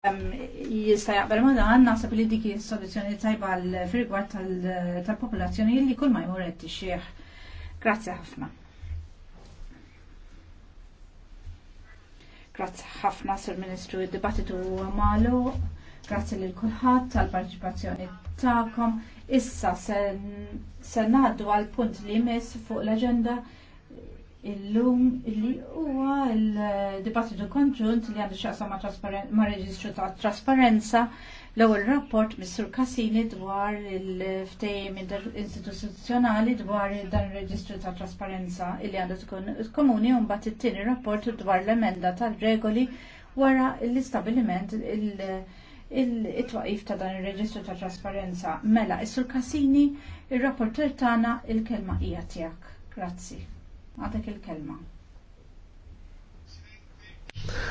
jista jaqbel ma dan naħseb li dik soluzzjoni tajba fil-rigward tal-popolazzjoni li kull ma jmur qed tixjih. Grazzi ħafna. Grazzi ħafna sur Ministru id-dibattitu malu. Grazzi lil kulħadd tal-parċipazzjoni tagħkom. Issa se ngħaddu għal punt li jmiss fuq l-aġenda illum li huwa l-dibattitu konġunt li għandu xaqsa ma' reġistru ta' trasparenza l-ewwel rapport mis-Sur Cassini dwar il-ftehim istituzzjonali dwar dan ir-reġistru ta' trasparenza li għandu tkun komuni un mbagħad it-tieni rapport dwar l-emenda tal-regoli wara l-istabiliment il-twaqif ta' dan ir-reġistru ta' trasparenza. Mela, is-Sur Cassini, ir-rapporter tagħna il-kelma hija tiegħek. Grazzi. Għatek il-kelma.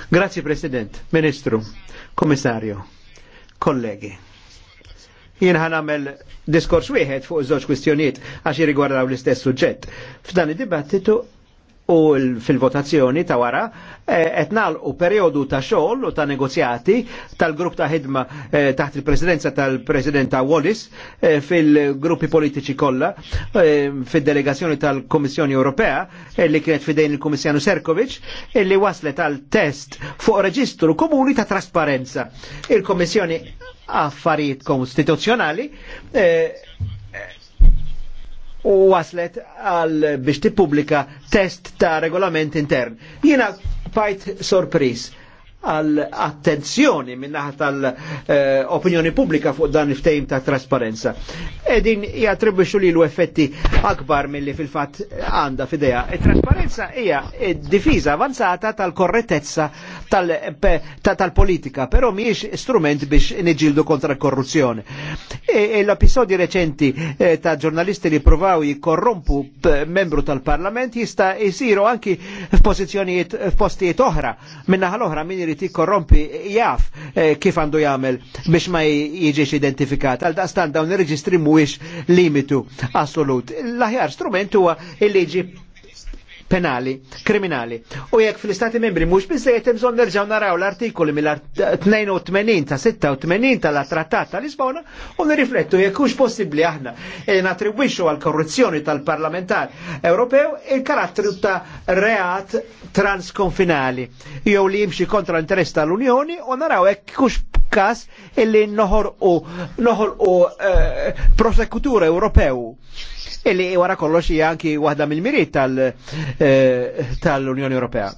Grazie President, Ministru, Komissarju, kollegi. Jien ħan għamel diskors wieħed fuq żewġ kwistjonijiet għax jirrigwardaw l-istess suġġett. F'dan id-dibattitu u fil-votazzjoni ta' wara qed nagħlqu perjodu ta' xogħol u ta' negozjati tal-grupp ta' ħidma e, taħt il-presidenza tal-Presidenta Wallis e, fil-gruppi politiċi kollha e, fid-delegazzjoni tal-Kummissjoni Ewropea li kienet fidejn il-Kummissjanu Serkovic illi waslet għal test fuq reġistru komuni ta' trasparenza. Il-Kommissjoni affarijiet konstituzzjonali u waslet għal biex tippubblika test ta' regolament intern. Jiena fajt sorpris għal attenzjoni minnaħat tal-opinjoni pubblika fuq dan il-ftejm ta' trasparenza. Edin jattribuċu li l-effetti akbar mill-li fil-fat għanda fideja. E trasparenza hija e difiża avanzata tal-korretezza tal-politika, però miex strument biex neġildu kontra korruzzjoni. E, e l-episodi reċenti e, ta' ġurnalisti li provaw jikorrompu membru tal-parlament jista jisiru anki f'pożizzjonijiet f'postijiet oħra. Minna ħal-oħra min irid jikorrompi jaf kif għandu jagħmel biex ma jiġix identifikat. Għal daqstan dawn ir-reġistri mhuwiex limitu assolut. L-aħjar strument huwa il-liġi penali, kriminali. U jekk fl-Istati membri mhux biżejjed hemm zon nerġaw naraw l-artikoli mill-82 ta' 86 la' trattat tal-Lisbona u nirriflettu jekk hux possibbli aħna li e natribwixxu għal korruzzjoni tal-parlamentar Ewropew il-karattru ta' reat transkonfinali jew li jimxi kontra l-interess tal-Unjoni u naraw jekk hux kas illi noħor u noħor u uh, prosekutur Ewropew illi wara kollox hija anki waħda mill-miriet eh, tal-Unjoni Ewropea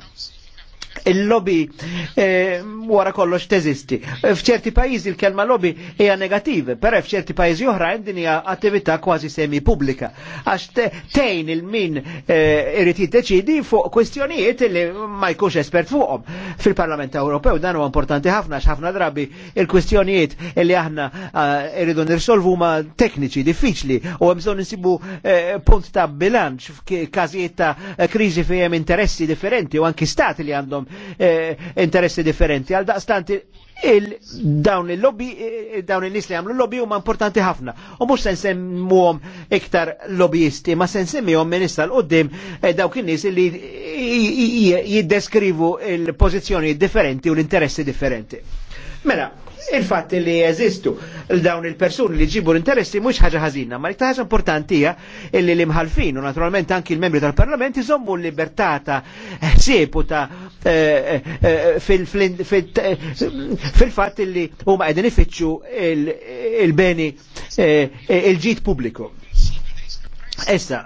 il-lobby eh, wara kollox teżisti. F'ċerti pajjiżi il-kelma lobby hija negativ, però f'ċerti pajjiżi oħrajn din hija attività kważi semi pubblika. Għax tejn il-min eh, irid e, jiddeċidi fuq kwestjonijiet li ma jkunx espert fuqhom. Fil-Parlament Ewropew dan huwa importanti ħafna għax ħafna drabi il-kwestjonijiet li aħna eh, irridu nirsolvu ma tekniċi diffiċli u hemm bżonn insibu punt ta' bilanċ f'każijiet ta' kriżi fejn interessi differenti u anki stati li għandhom għandhom eh, interessi differenti. Għal daqstant dawn il-lobby, eh, dawn il-nis li għamlu lobby huma importanti ħafna. U mux sen semmuhom iktar lobbyisti, ma sen semmihom minista l-qoddim eh, dawk in-nies li jiddeskrivu il pozizjoni differenti u l-interessi differenti. Mela, il fatti li jeżistu dawn il-persuni li ġibu l-interessi mhux ħaġa ħażina, ma iktar ħaġa importanti hija illi l-imħalfin u naturalment anki l-membri tal-Parlament iżommu l-libertà ta' ħsieb u ta' eh, eh, eh, fil-fatt li huma qegħdin ifittxu il-beni il-ġid pubbliku. Issa,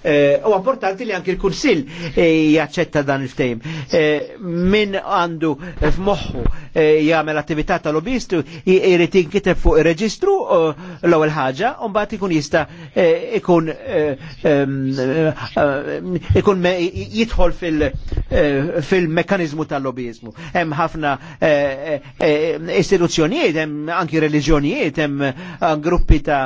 Eh, u importanti li anki l-Kunsill eh, jaċċetta dan il-ftejm. Eh, min għandu f'moħħu jagħmel attività tal-lobbistu jrid jinkiteb fuq ir-reġistru l-ewwel ħaġa u mbagħad ikun jista' ikun ikun jidħol fil-mekkaniżmu tal-lobbiżmu. Hemm ħafna istituzzjonijiet, hemm anki reliġjonijiet, hemm gruppi ta'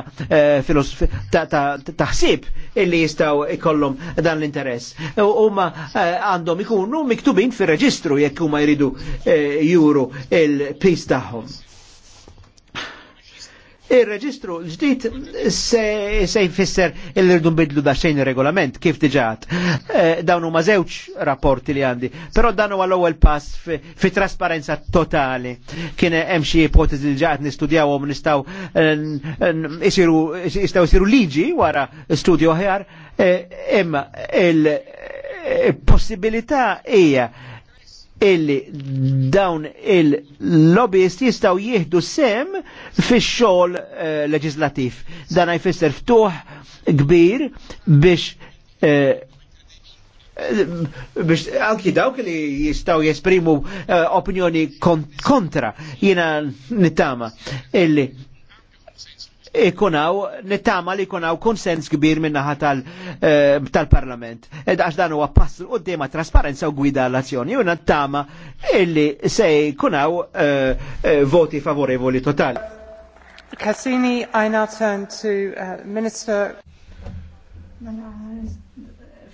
ħsieb illi jista' jistaw ikollom dan l-interess. Huma eh, għandhom ikunu miktubin fir-reġistru jekk huma jridu eh, juru il-pis tagħhom. Il-reġistru ġdid se, se jfisser il-rdu bidlu da xejn regolament kif diġat. Eh, dawn huma żewġ rapporti li għandi, però dan huwa l-ewwel pass fi, trasparenza totali. Kien hemm xi ipotezi li ġaħat nistudjawhom nistgħu eh, jistgħu jsiru liġi wara studju ħjar, eh, imma il-possibilità hija illi dawn il-lobbyist jistaw jihdu sem fi xol uh, Dan jfisser ftuħ kbir biex eh, biex anki dawk li jistaw jesprimu eh, opinjoni kontra jina nittama illi ikunaw, nittama li ikunaw konsens kbir minnaħa eh, tal-parlament. Eh, Għax dan huwa u d-dema trasparenza u gwida l-azzjoni. U nittama illi se jkunaw eh, eh, voti favorevoli totali. Cassini, I now turn to uh, Minister.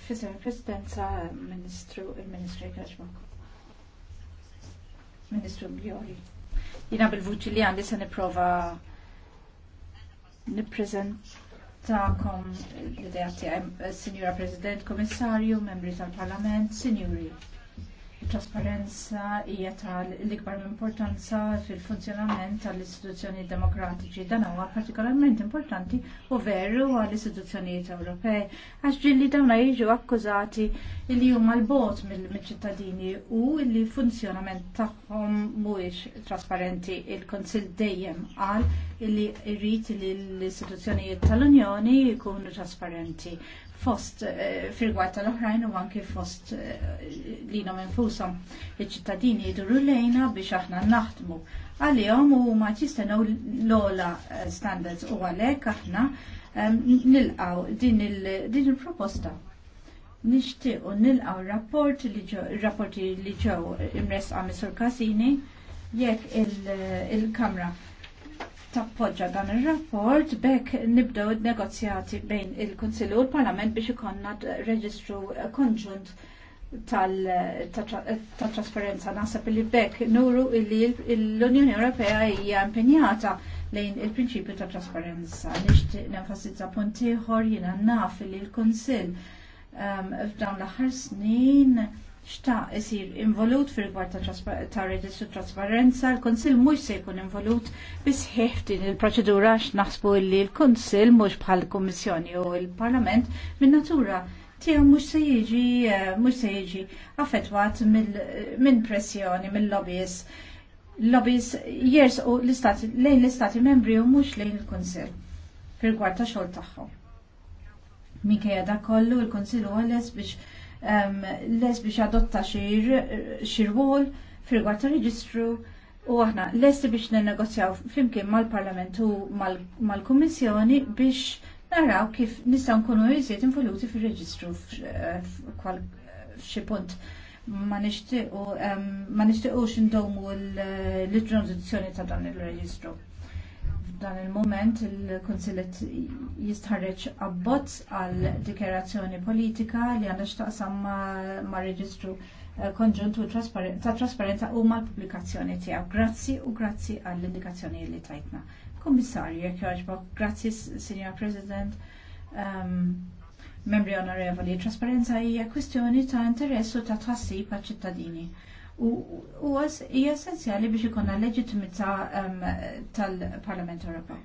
Fisem presidenza ministru, il-ministru Ministru Bjori. Jina bil-vuċi li għandi se niprofa nippreżentakom l-idea tiegħi, Sinjura President, Komissarju, Membri tal-Parlament, Sinjuri trasparenza hija tal l-ikbar importanza fil-funzjonament tal-istituzzjoni demokratiċi. Dan huwa partikolarment importanti u veru għall istituzzjonijiet Ewropej għax ġilli dawna jiġu akkużati li huma l-bot mill-ċittadini u li funzjonament tagħhom mhuwiex trasparenti. Il-Konsil dejjem qal li jrid li l-istituzzjonijiet tal-Unjoni jkunu trasparenti fost eh, firgwar tal-oħrajn u għanki fost eh, li nom infusom il-ċittadini jiduru lejna biex aħna naħdmu għalihom u ma l-ola standards u għalek aħna eh, nilqaw din il-proposta. Nishtiq u nilqaw rapport li rapporti li ġew imres għamissur Kasini jekk il-kamra tappoġġa dan ir-rapport bekk nibdew negozjati bejn il-Kunsill u l-Parlament biex ikonna reġistru konġunt tal-trasparenza. Naħseb li bekk nuru li l-Unjoni Ewropea hija impenjata lejn il-prinċipju ta' trasparenza. Nixtieq nenfasizza punt ieħor jiena naf li l-Kunsill ehm, f'dawn l-aħħar snin xta' isir involut fil rigward ta' reġistru trasparenza, l-Konsil mhux se jkun involut sħiħ din il-proċedura għax naħsbu li l-Konsil mhux bħal kummissjoni u l-Parlament minn natura tiegħu mhux se jiġi eh, mhux se jiġi affettwat minn pressjoni mill-lobbies. Lobbies jersqu l-istati lejn l-istati membri u mhux lejn il-Kunsill fil-rigward ta' xogħol tagħhom. Minkejja da kollu il-Konsilu għalles biex les biex adotta xi rwol fil reġistru u aħna lesti biex nenegozjaw flimkien mal-Parlament u mal-Kummissjoni biex naraw kif nistgħu nkunu jżiet involuti fir-reġistru f'xi punt ma nixtiequx xindomu l-introduzzjoni ta' dan il-reġistru f'dan il mument il-Kunsillet jistħarreġ abbozz għal dikjerazzjoni politika li għandha x'taqsam ma' reġistru eh, konġunt ta' trasparenza u mal pubblikazzjoni tiegħu. Grazzi u grazzi għall indikazzjoni li tajtna. Kummissarju, jekk jogħġbok, grazzi Signor President, ehm, membri onorevoli, trasparenza hija kwistjoni ta' interessu ta' tħassib għal ċittadini u hija essenzjali biex ikonna leġitimità ehm, tal-Parlament Ewropew.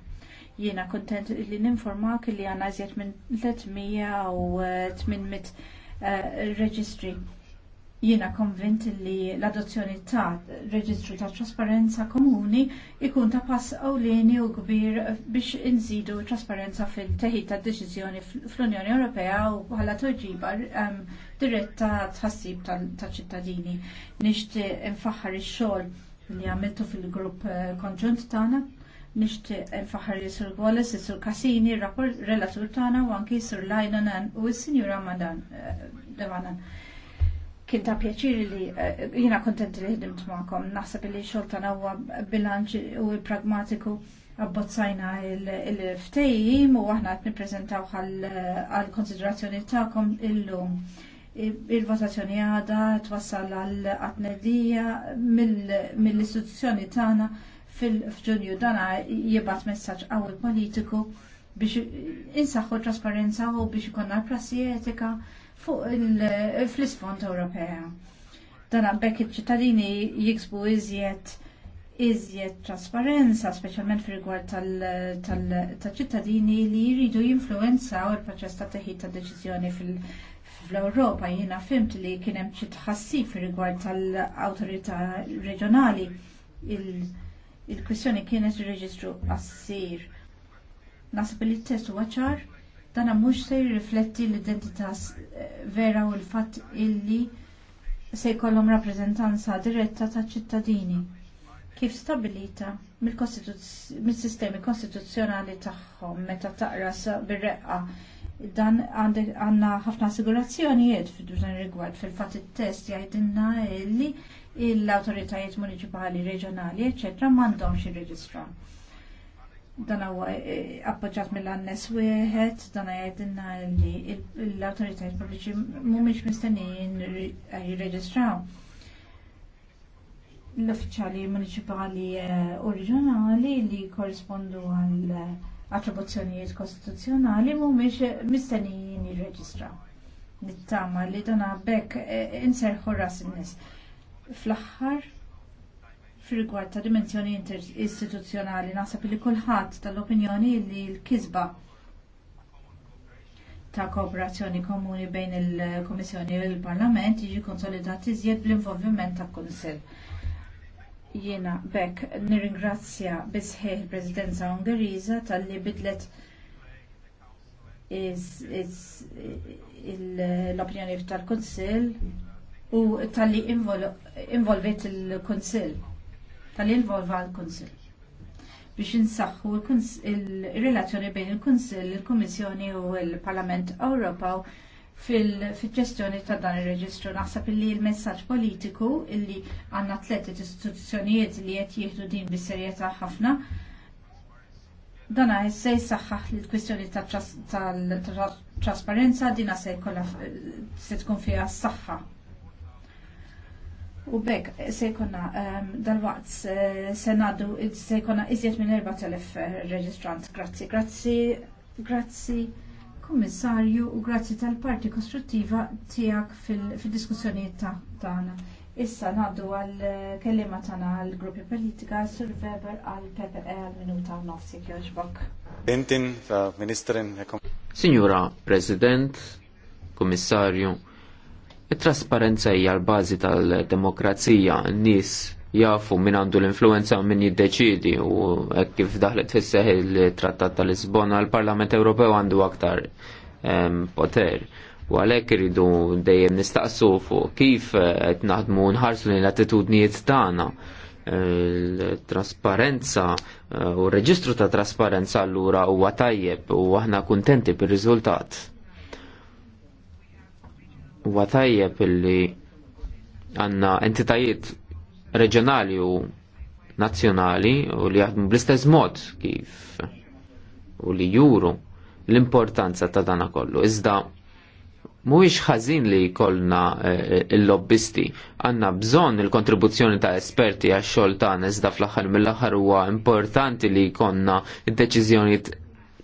Jiena kontent li ninformak li għandna iżjed minn 300 u 800 eh, eh, reġistri. Jiena konvint li l-adozzjoni ta' reġistru ta' trasparenza komuni ikun ta' pass ewlieni u kbir biex inżidu trasparenza fil-teħid ta' deċiżjoni fl-Unjoni Ewropea u bħala toġiba ehm, diretta tħassib ta' ċittadini Nishti nfaħħar ix-xogħol li għamiltu fil-grupp eh, konġunt tagħna nishti nfaħar jisur Wallace, jisur Cassini, relatur tana, u anki jisur Lajnanan u s-Sinjura Madan eh, Devanan. Kien ta' pjaċiri li eh, jina kontenti li t ma'kom, naħseb li xol tana u bilanċ u pragmatiku abbozzajna il-ftejim u aħna għat niprezentaw għal konsiderazzjoni ta'kom il-lum. il il lum il-votazzjoni għada twassal għal atnedija mill-istituzzjoni tagħna fil-ġunju dana jibat messaġġ għaw politiku biex insaħħu trasparenza u biex ikonna prassi etika fuq fl-isfond Ewropea. Dana bekk iċ-ċittadini jiksbu iżjed iżjed trasparenza, speċjalment fil-rigward tal-ċittadini li jridu jinfluwenzaw il-proċess ta' teħid ta' deċiżjoni fil- fl-Ewropa jiena fimt li kien hemm xi tħassif rigward tal-awtorità reġjonali il-kwistjoni il kienet ir-reġistru qassir. Nasib li t-test huwa ċar, dan mhux se jirrifletti l-identità eh, vera u l-fatt illi se jkollhom rappreżentanza diretta ta' ċittadini kif stabilita mill-sistemi mil kostituzzjonali tagħhom meta taqra bir-reqqa dan għanna ħafna assigurazzjonijiet f'dan rigward fil-fatt it-test jgħidilna illi l-autoritajiet municipali, reġjonali, mandom m'għandhomx reġistra. Dan huwa eh, eh, appoġġjat mill-annes wieħed, dan għajdinna li l-autoritajiet pubbliċi mhumiex mistennijin eh, jirreġistraw. L-uffiċjali municipali u reġjonali li korrispondu għal attribuzzjonijiet kostituzzjonali mhumiex mistennijin jirreġistra. Nittama li dan bekk e, e, inserħu ras in-nies. Fl-aħħar fir-rigward ta' dimensjoni istituzzjonali naħseb li kulħadd tal-opinjoni li l-kisba ta' kooperazzjoni komuni bejn il-Komissjoni u l-Parlament jiġi konsolidat iżjed bl-involviment ta' kunsill Jiena bekk nirringrazzja bisħeħ il-Presidenza Ungeriża talli bidlet l-opinjoni tal kunsill u talli involvet il kunsill talli involva l kunsill biex insaħħu il-relazzjoni bejn il kunsill il kummissjoni u l-Parlament Ewropew fil-ġestjoni ta' dan ir-reġistru. Naħseb illi l-messaġġ politiku illi għandna tletet istituzzjonijiet li qed jieħdu din bis-serjetà ħafna dana se jsaħħaħ l-kwistjoni ta' trasparenza dina se jkollha se tkun fiha s-saħħa. U bekk se jkollna ehm, dal-waqt eh, se ngħaddu se jkollna iżjed minn 4000 eh, reġistrant. Grazzi, grazzi, grazzi. Kummissarju, u grazzi tal-parti kostruttiva tiegħek fil-diskussjonijiet tagħna. Issa ngħaddu għal eh, kelliema tagħna għall gruppi politika Sur Weber għal PPE għal minuta nofsi jogħġbok. Signora President, Kommissarju, it-trasparenza hija l-bażi tal-demokrazija, n-nies jafu min għandu l-influenza u min jiddeċidi u hekk kif daħlet fisseħ il-Trattat tal-Lisbona l-Parlament Ewropew għandu aktar poter. U għalhekk iridu dejjem nistaqsu fuq kif eh, qed naħdmu nħarsu lejn l-attitudnijiet tagħna l-trasparenza eh, u r-reġistru ta' trasparenza allura huwa tajjeb u aħna kuntenti bir-riżultat. Huwa tajjeb illi għandna entitajiet reġjonali u nazzjonali u li jaħdmu bl-istess mod kif u li juru l-importanza ta' dana kollu. Iżda mhuwiex ħażin li jkollna eh, l-lobbisti. Għandna bżonn il-kontribuzzjoni ta' esperti għax xogħol tagħna iżda fl-aħħar mill-aħħar huwa importanti li jkollna d-deċiżjonijiet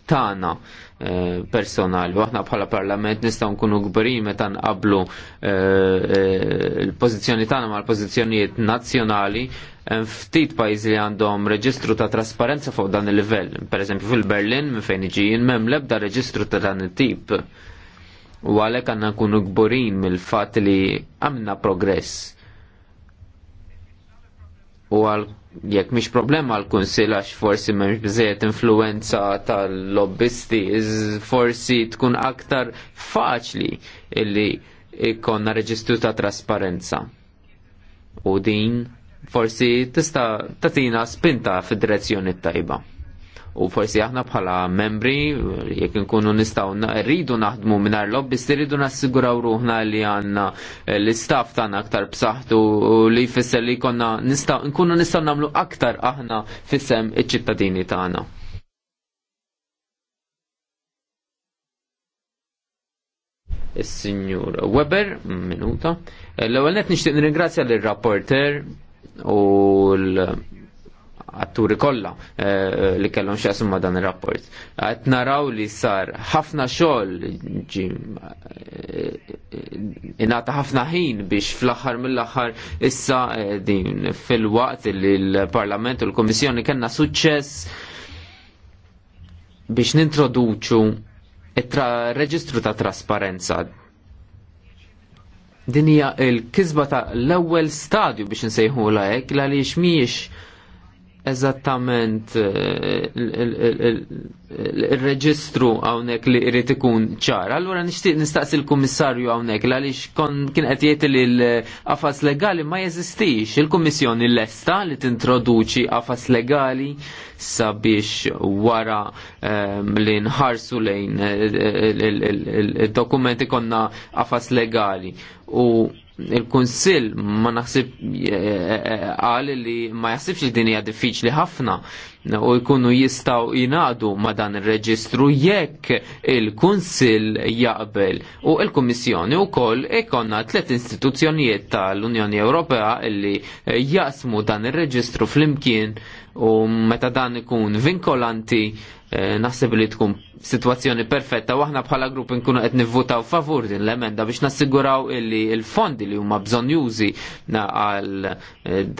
tagħna Eh, personali. Waħna bħala parlament nistaw nkunu gbri meta qablu eh, eh, l-pożizzjoni tagħna mal-pożizzjonijiet nazzjonali ftit pajjiżi li għandhom reġistru ta' trasparenza fuq dan il Per Pereżempju fil-Berlin minn fejn iġi jien lebda l-ebda reġistru ta' dan it-tip. U għalek għandna nkunu gburin mill-fatt li għamna progress u għal jekk mhix problema għal kunsil għax forsi m'hemmx bżejet influenza tal-lobbisti, forsi tkun aktar faċli illi ikonna reġistru ta' trasparenza. U din forsi tista' tatina spinta fid-direzzjoni tajba u forsi aħna bħala membri jekk nkunu nistgħu rridu naħdmu mingħajr lobbies irridu nassiguraw ruħna li għandna eh, l-istaff tagħna aktar b'saħħtu li jfisser li konna nistgħu nkunu nistgħu nagħmlu aktar aħna fissem iċ-ċittadini tagħna. Is-Sinjur Weber, minuta. Eh, l-ewwel nett nixtieq nirringrazzja lir-rapporter u l- għatturi kollha eh, eh, li kellhom x'jaqsmu ma' dan ir-rapport. Qed naraw li sar ħafna xogħol eh, ingħata ħafna ħin biex fl-aħħar mill-aħħar issa din fil-waqt li l-Parlament u l-Kummissjoni kellna suċċess biex nintroduċu il reġistru ta' trasparenza din hija l-kisba ta' l-ewwel stadju biex nsejħu la' għaliex mhijiex eżattament eh, il-reġistru għawnek li irrit ikun ċar. allora nixtieq nistaqsi l-kummissarju għawnek għaliex kon kien qed jgħid li l-qafas legali ma jeżistix. Il-Kummissjoni lesta li tintroduċi qafas legali sabiex wara ehm, li nħarsu lejn eh, il-dokumenti konna qafas legali. U il-Kunsill ma naħsib qal eh, eh, li ma jaħsibx li din hija diffiċli ħafna u jkunu jistaw jingħadu ma dan ir-reġistru jekk il-Kunsill jaqbel u l-Kummissjoni wkoll ikonna tliet istituzzjonijiet tal-Unjoni Ewropea li eh, jaqsmu dan ir-reġistru flimkien u meta dan ikun vinkolanti eh, naħseb li tkun situazzjoni perfetta u aħna bħala grupp nkunu qed nivvutaw favur din l-emenda biex nassiguraw illi il-fondi li huma bżonn jużi għal eh,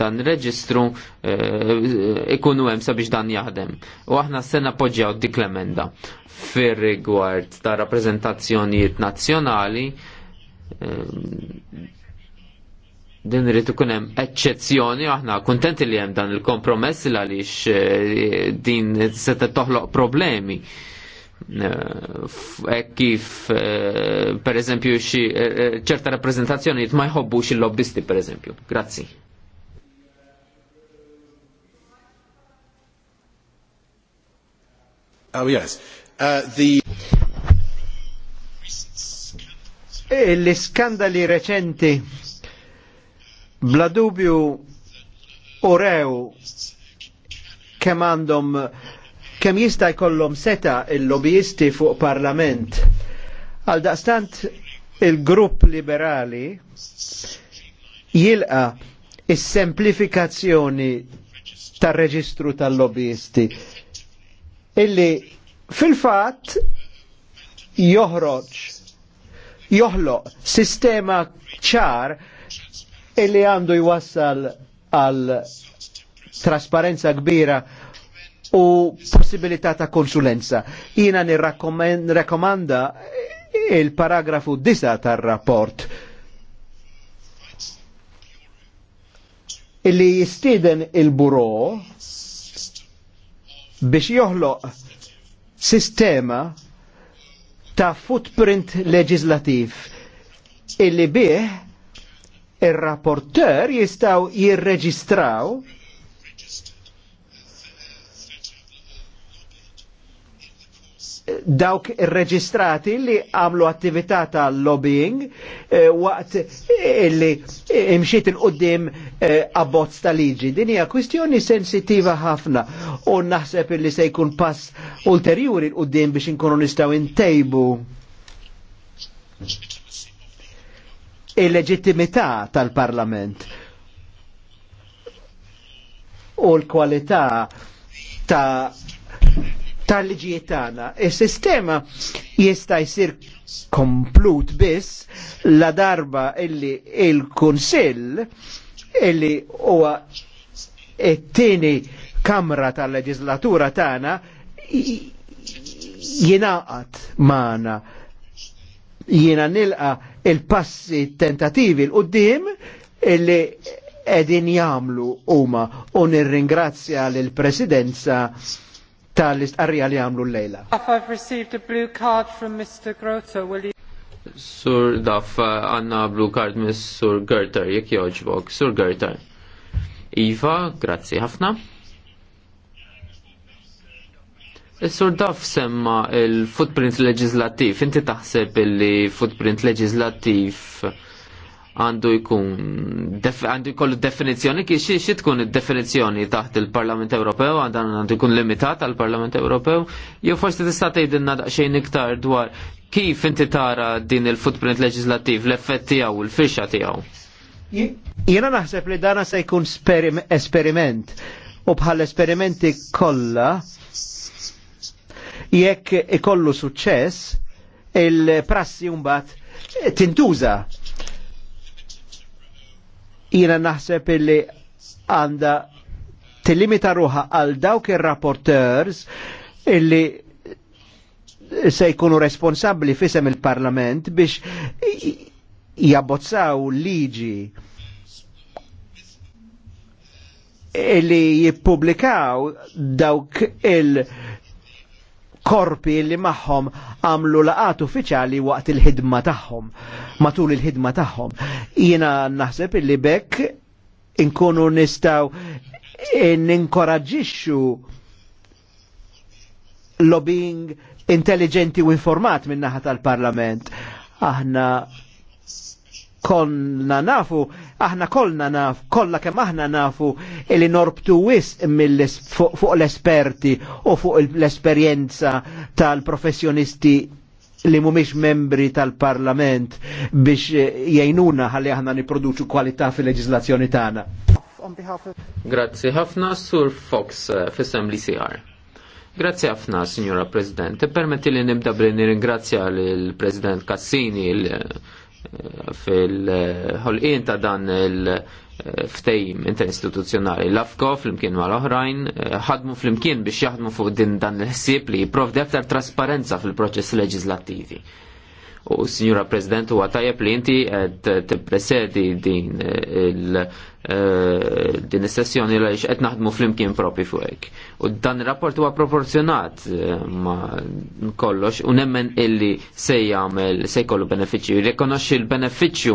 dan ir-reġistru eh, ikunu hemm sabiex dan jaħdem. U aħna se nappoġġjaw dik l-emenda fir-rigward ta' rappreżentazzjonijiet nazzjonali eh, din rrid ikun hemm eċċezzjoni aħna kuntenti li hemm dan il-kompromess għaliex eh, din se toħloq problemi. Ek eh, e kif eh, per eżempju xi ċerta rappreżentazzjoni ma jħobbux il-lobbisti per eżempju. Grazzi. Oh yes. Uh, the e l-iskandali recenti Bla dubju rew kemm għandhom kemm jista' jkollhom seta il-lobbyisti fuq parlament. Għal daqstant il-grupp liberali jilqa is-semplifikazzjoni tar-reġistru tal-lobbyisti illi fil-fatt joħroġ joħloq sistema ċar illi għandu jwassal għal trasparenza kbira u possibilità ta' konsulenza. Jina nirrakkomanda il-paragrafu 9 tar-rapport illi jistiden il-buro biex joħloq sistema ta' footprint leġislativ illi bih ir-rapporter jistaw jirreġistraw dawk reġistrati li għamlu attività ta' lobbying eh, waqt eh, li imxiet il-qoddim eh, abbozz ta' liġi. Din hija kwistjoni sensitiva ħafna u naħseb li se jkun pass ulterjuri l-qoddim biex inkunu nistgħu intejbu il-leġittimità tal-Parlament u l-kwalità ta' tal-liġijiet tagħna. Is-sistema jista' jsir komplut biss la darba illi il-Kunsill illi huwa it-tieni kamra tal-leġislatura tagħna jingħaqad magħna. Jiena nilqa' il-passi tentativi l-qoddim illi edin jamlu huma u nirringrazzja l-presidenza tal-istqarrija li jamlu l-lejla. I've received a blue card from Mr. Grota, will you... Sur Daf, għanna uh, blue card miss Sur Gerter, jek joġbok. Sur Gerter. Iva, grazzi ħafna. Is-sur Daf semma il-footprint leġislattiv. Inti taħseb illi footprint leġislattiv għandu jkun għandu jkollu definizzjoni kif xi xi tkun id-definizzjoni taħt il-Parlament Ewropew għandu jkun limitat għal parlament Ewropew jew forsi tista' tgħidilna daqsxejn iktar dwar kif inti tara din il-footprint leġislattiv l-effett tiegħu l-firxa tiegħu. Jiena naħseb li dana se jkun esperiment u bħal esperimenti kollha jekk ikollu suċċess, il-prassi mbagħad tintuża. Jina naħseb illi għandha tillimita ruħa għal dawk ir-rapporteurs illi se jkunu responsabbli fisem il-Parlament biex jabbozzaw liġi illi jippublikaw dawk il- korpi li magħhom għamlu laqat uffiċjali waqt il-ħidma tagħhom, matul il-ħidma tagħhom. Jiena naħseb illi bekk inkunu nistaw ninkoraġixxu lobbying intelligenti u informat minn naħa tal-Parlament. Aħna konna nafu Aħna kollna naf, kollha kemm aħna nafu li norbtu wis fuq l-esperti u fuq l-esperjenza tal-professjonisti li mumiex membri tal-parlament biex eh, jajnuna ħalli aħna niproduċu kwalità fil-leġizlazzjoni tagħna. Grazzi ħafna Sur Fox eh, fissem li CR. Grazzi ħafna, Signora President. Permetti li nibda bli nirringrazzja l-President Cassini, fil-ħolqien ta' dan il-ftejm interistituzzjonali. L-AFCO fl-imkien ma' l-oħrajn ħadmu fl-imkien biex jaħdmu fuq din dan il-ħsieb li jipprovdi aktar trasparenza fil-proċess leġislattivi. U, Signora President, u għatajab li inti qed tippresedi din il- Eh, din is-sessjoni li qed naħdmu flimkien propi fuq hekk. U dan ir-rapport huwa proporzjonat eh, ma' kollox u nemmen illi se jagħmel se jkollu benefiċċju, jirrikonoxxi l-benefiċċju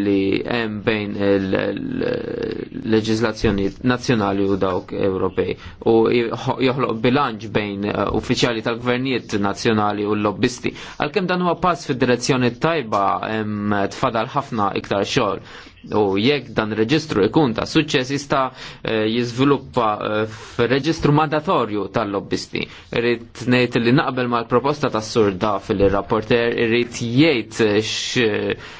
li hemm bejn il-leġiżlazzjoni nazzjonali u dawk Ewropej u joħloq bilanċ bejn eh, uffiċjali tal-gvernijiet nazzjonali u l-lobbisti. Għalkemm dan huwa pass fid-direzzjoni tajba tfadal ħafna iktar xogħol U jekk dan reġistru ikun ta' suċċess jista' eh, jiżviluppa f'reġistru eh, mandatorju tal-lobbisti. Irrid ngħid li naqbel mal-proposta tas Sur fil rapporter irrid jgħid eh,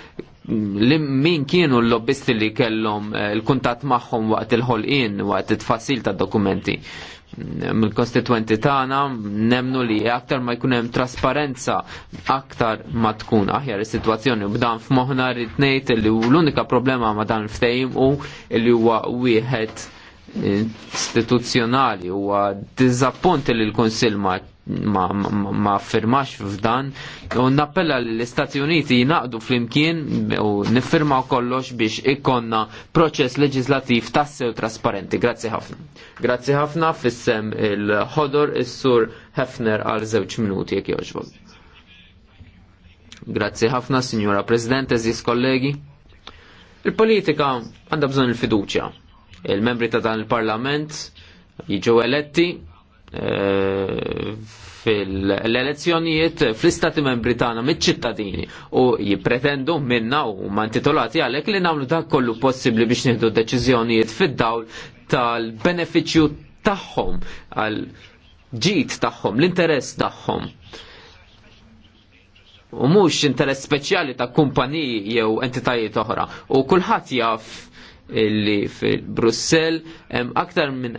min kienu l-lobbisti li kellhom il-kuntatt magħhom waqt il-ħolqien waqt it-tfassil tad-dokumenti mill-kostituenti tagħna nemnu li aktar ma jkun hemm trasparenza aktar ma tkun aħjar is-sitwazzjoni u b'dan f'moħħna rrid ngħid li l-unika problema ma dan ftehim u li huwa wieħed eh, istituzzjonali huwa diżappunt li l-Kunsill ma ma, ma, ma firmax f'dan u nappella l-Istati Uniti jinaqdu flimkien u niffirmaw kollox biex ikonna proċess leġislativ tassew trasparenti. Grazzi ħafna. Grazzi ħafna fissem il-ħodor is-sur Hefner għal żewġ minuti jekk jogħġbok. Grazzi ħafna, Signora President, eżis kollegi. Il-politika għandha bżonn il-fiduċja. Il-membri ta' dan il-Parlament jiġu eletti fil-elezzjonijiet fl-istati membri tagħna miċ-ċittadini u jippretendu minna u man titolati għalhekk li nagħmlu dak kollu possibbli biex nieħdu deċiżjonijiet fid-dawl tal-benefiċċju tagħhom għal ġid tagħhom, l-interess tagħhom. U mhux interess speċjali ta' kumpaniji jew entitajiet oħra. U kulħadd jaf illi fil-Brussel hemm aktar minn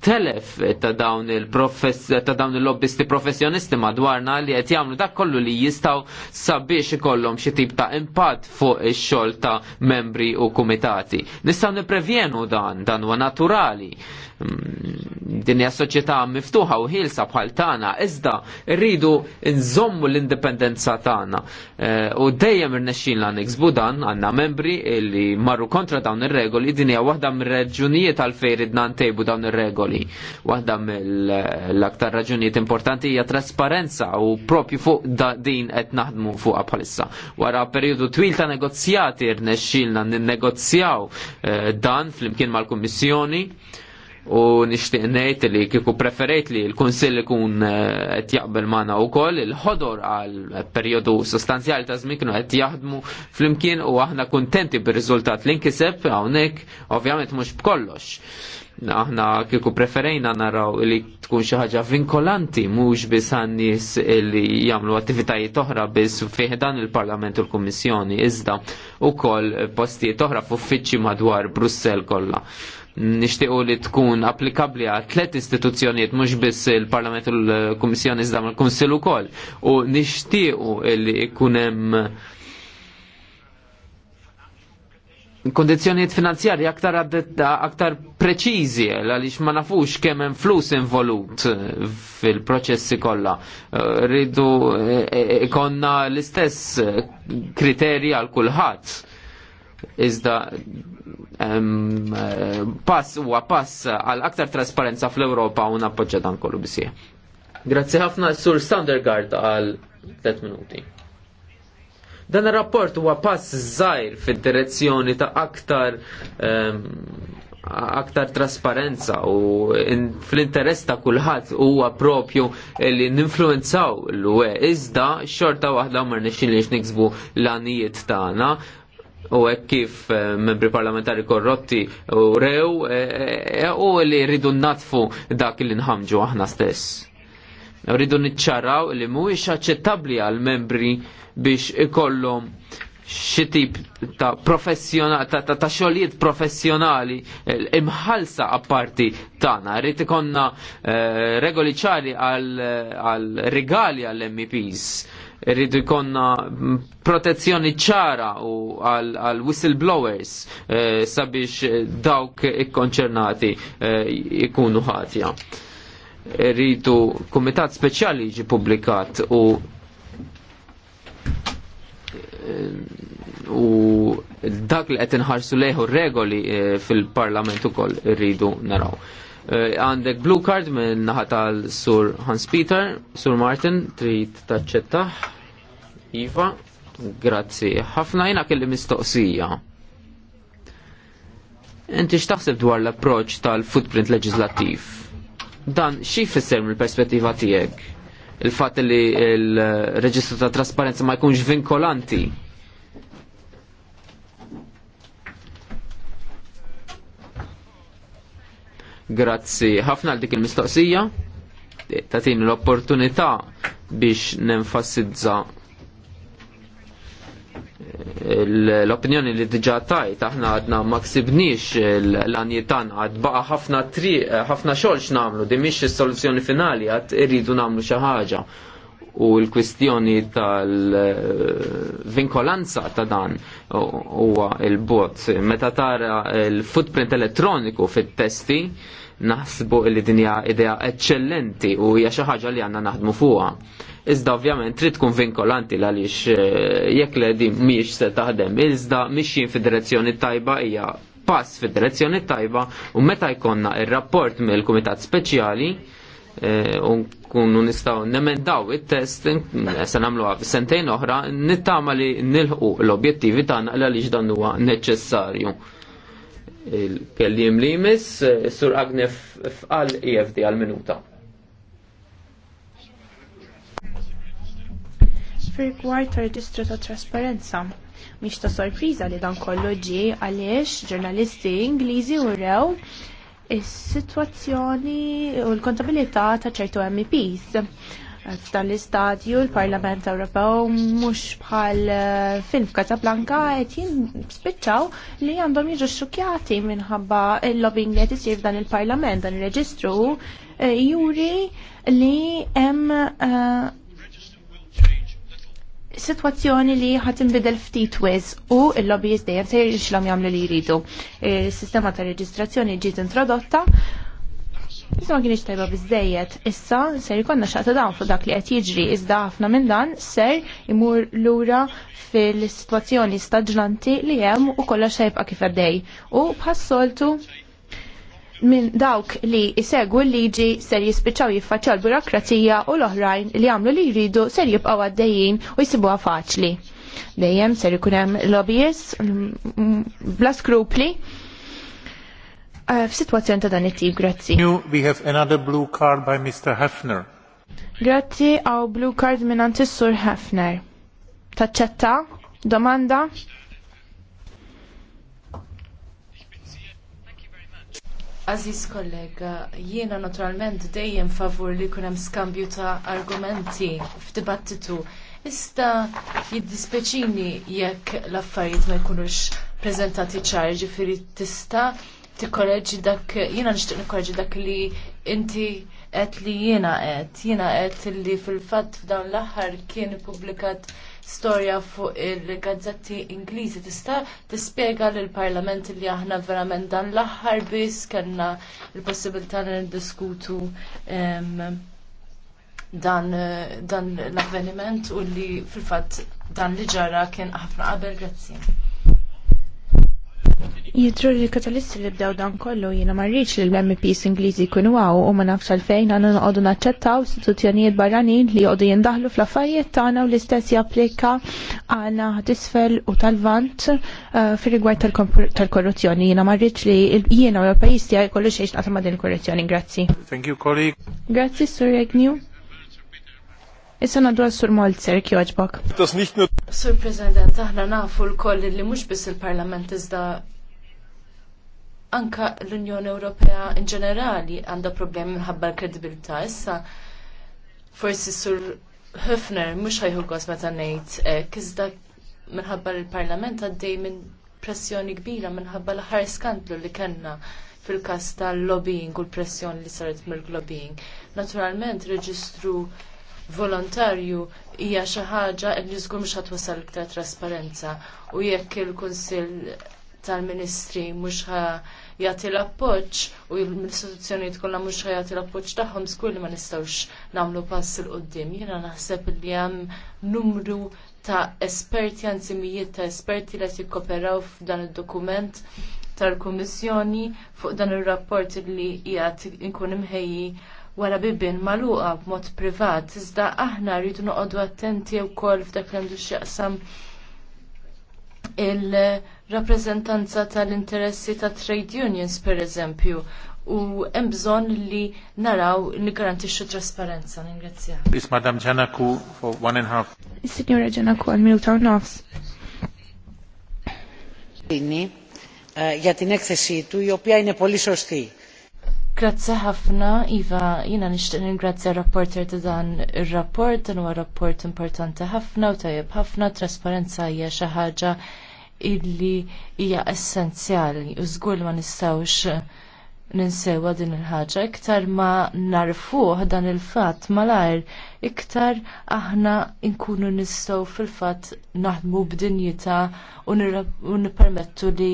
telef ta' dawn ta' dawn il-lobbisti professjonisti madwarna li qed jagħmlu dak kollu li jistgħu sabiex ikollhom xi tip ta' impatt fuq ix-xogħol ta' membri u kumitati. Nistgħu nipprevjenu dan, dan huwa naturali. Mm, din hija soċjetà miftuħa u ħilsa bħal tagħna, iżda rridu nżommu l-indipendenza tagħna. Eh, u dejjem irnexxin la niksbu dan għandna membri li marru kontra dawn ir-regoli din hija waħda mir-raġunijiet tal ridna ntejbu dawn ir-regoli. Waħda mill-aktar raġunijiet importanti hija trasparenza u propju fuq din qed naħdmu fuqha bħalissa. Wara perjodu twil ta' negozjati rnexxilna ninnegozjaw eh, dan flimkien mal-Kummissjoni u nixtieq ngħid li kieku preferejt li l-Kunsill ikun eh, qed jaqbel magħna wkoll il-ħodor għal perjodu sostanzjali ta' zmiknu qed jaħdmu flimkien u aħna kuntenti bir-riżultat li nkiseb hawnhekk ovvjament mhux b'kollox. Aħna kieku preferejna naraw li tkun xi ħaġa vinkolanti mhux biss għan-nies li jagħmlu attivitajiet oħra biss fih dan il-Parlament u l-Kummissjoni iżda wkoll postijiet oħra f'uffiċċji madwar Brussell kollha nixtiequ li tkun applikabbli għal tliet istituzzjonijiet mhux biss il-Parlament u l-Kummissjoni iżda mal-Kunsill ukoll u nixtiequ li jkun hemm kondizzjonijiet finanzjari aktar aktar preċizi għaliex ma nafux kemm hemm flus involut fil-proċessi kollha. Eh, rridu eh, eh, ikonna l-istess kriterji għal kulħadd Iżda eh, pass huwa pass għal aktar trasparenza fl-Ewropa u nappoġġa dan kollu bisie. Grazzi ħafna sur Standard għal 3 minuti. Dan ir-rapport huwa pass żgħir fid-direzzjoni ta' aktar um, aktar trasparenza u in, fl-interess ta' kulħadd huwa propju li ninfluenzaw l-UE iżda xorta waħda mar nixin li x-niksbu l-anijiet tagħna u hekk kif eh, membri parlamentari korrotti u rew eh, eh, u li rridu natfu dak li nħamġu aħna stess. Rridu niċċaraw li mhuwiex aċċettabbli għal membri biex ikollhom xi tip ta' professjonali ta', xogħlijiet professjonali imħalsa apparti tagħna. Rrid ikonna regoli ċari għal rigali għall MEPs Irridu jkonna protezzjoni ċara u għal whistleblowers eh, sabiex eh, dawk ikkonċernati eh, ikunu ħatja. Rridu kumitat speċjali ġi publikat u eh, u dak li qed inħarsu leħu regoli eh, fil-parlament ukoll rridu naraw. Eh, għandek blue card minn naħa tal-sur Hans Peter, sur Martin, trid taċċetta. Iva, grazzi. Ħafna jina kelli mistoqsija. Inti x'taħseb dwar l-approċ tal-footprint leġislattiv? Dan xi jfisser mill-perspettiva tiegħek? Il-fatt li l-reġistru ta' trasparenza ma jkunx vinkolanti Grazzi ħafna għal dik il-mistoqsija tatini l-opportunità biex nenfasizza eh, l-opinjoni li diġa tajt, aħna għadna ma ksibniex l-anjetan għad baqa ħafna tri, ħafna xolx namlu, dimix il-soluzjoni finali għad irridu namlu xaħġa u l-kwistjoni tal-vinkolanza ta' dan huwa il-bot. Meta tara l-footprint elettroniku fit-testi, naħsbu li dinja idea eccellenti u hija xi ħaġa li għandna naħdmu fuqha. Iżda ovvjament trid tkun vinkolanti għaliex eh, jekk le din mhix se taħdem, iżda mixjin fid-direzzjoni tajba hija pass fid-direzzjoni tajba u meta jkollna ir-rapport mill-Kumitat Speċjali eh, u nkunu nistgħu nemendaw it-test se nagħmluha sentejn oħra nittama li nilħu l-objettivi ta' tagħna għaliex dan huwa neċessarju. Il-kellim li jmiss sur Agnef f'qal EFD għal-minuta. Fil-gwar registru ta' Trasparenza, mhix ta' sorpriża li dan kollu ġie għaliex ġurnalisti Ingliżi urew is-sitwazzjoni u l-kontabilità ta' ċertu MEPs. F'dan l-istadju l-Parlament Ewropew mhux bħal eh, film f'Kasablanca qed jinspiċċaw li għandhom jiġu xukjati minħabba l-lobbying li qed isir f'dan il-Parlament dan ir-reġistru eh, juri li hemm eh, situazzjoni li ħat inbidel ftit wiz u il lobby jizdejem se jirixlom jagħmlu li jridu. Is-sistema ta' reġistrazzjoni ġiet introdotta Iżda ma kienx tajba biżejjed, issa ser ikonna xaqta dawn fuq dak li qed jiġri iżda ħafna minn dan ser imur lura fil-sitwazzjoni staġlanti li hemm u kollox se kif għaddej. U bħas soltu minn dawk li jisegwu l-liġi ser jispiċaw jiffaċċaw l-burokrazija u l-oħrajn li għamlu li jridu ser jibqaw għaddejjin u jisibuha faċli. Dejjem ser ikun hemm lobbyist mm, mm, bla skrupli. Eh, f'sitwazzjoni ta' dan it-tip, grazzi. We have another blue card by Mr. Hefner. Grazzi għaw blue card minn Sur Hefner. Taċċetta? Domanda? Aziz kollega, jiena naturalment dejjem favur li jkun hemm skambju ta' argumenti f'dibattitu. Ista jiddispeċini jekk l-affarijiet ma jkunux preżentati ċar ġifieri tista' tikkoreġġi dak jiena nixtieq nikkoreġġi dak li inti qed li jiena qed. Jiena qed li fil-fatt f'dawn l-aħħar kien publikat storja fuq il-gazzetti Ingliżi tista' tispjega lill parlament li aħna verament dan l-aħħar biss kellna l-possibilità li niddiskutu dan, dan l-avveniment u li fil-fatt dan li ġara kien ħafna qabel grazzi. Jidru li katalisti li b'daw dan kollu jiena ma rridx li l-MPs Ingliżi kunu għaw u ma nafx għalfejn għandna noqogħdu naċċettaw istituzzjonijiet barranin li jgħodu jindaħlu fl-affarijiet tagħna u l-istess japplika għana tisfel u tal-vant uh, fir-rigward tal-korruzzjoni. Jiena ma rridx li jina u l-pajjiż tiegħi kollu xejn naqsam ma' din il-korruzzjoni. Grazzi. Thank you, colleague. Grazzi, Sur Regnew. Issa nadu għas-Sur Molzer kjoġbok. Sur President, aħna nafu l-koll li mux biss il-Parlament iżda anka l-Unjoni Ewropea in ġenerali għandha problemi minħabba l-kredibilità. Issa forsi Sur Höfner mux ħajħu għos meta ngħid kizda minħabba l-Parlament għaddej minn pressjoni kbira minħabba l-ħar skandlu li kellna fil każ tal-lobbying u l-pressjoni li saret mill-lobbying. Naturalment, reġistru volontarju hija xi ħaġa li żgur mhux ħatwasal iktar trasparenza u jekk il-Kunsill tal-Ministri mhux ħa jagħti l-appoġġ u l-istituzzjonijiet kollha mhux ħa jagħti l-appoġġ tagħhom żgur li ma nistgħux nagħmlu pass il quddiem. Jiena naħseb li hemm numru ta' esperti anzi mijiet ta' esperti li qed jikkoperaw f'dan id-dokument tal-Kummissjoni fuq dan ir-rapport li qiegħed inkun imħejji wara bibin maluqa b'mod privat, iżda aħna rridu noqogħdu attenti wkoll f'dak li għandu x'jaqsam il-rappreżentanza tal-interessi ta' trade unions pereżempju u hemm bżonn li naraw nigarantixxu trasparenza. Ningrazzja. Is Madam Ġanaku for one and half. Is-Sinjora Ġanaku għal minuta ta' nofs. Eh, για την έκθεση του, η οποία είναι πολύ Grazzi ħafna, Iva, jina nishtiq ningrazzja rapporter ta' dan ir-rapport, dan huwa rapport importanti ħafna u tajjeb ħafna, trasparenza hija xi ħaġa illi hija essenzjali u żgur ma nistgħux ninsewa din il-ħaġa, iktar ma narfuh dan il-fatt malajr, iktar aħna nkunu nistgħu fil-fatt naħdmu b'dinjità u nippermettu li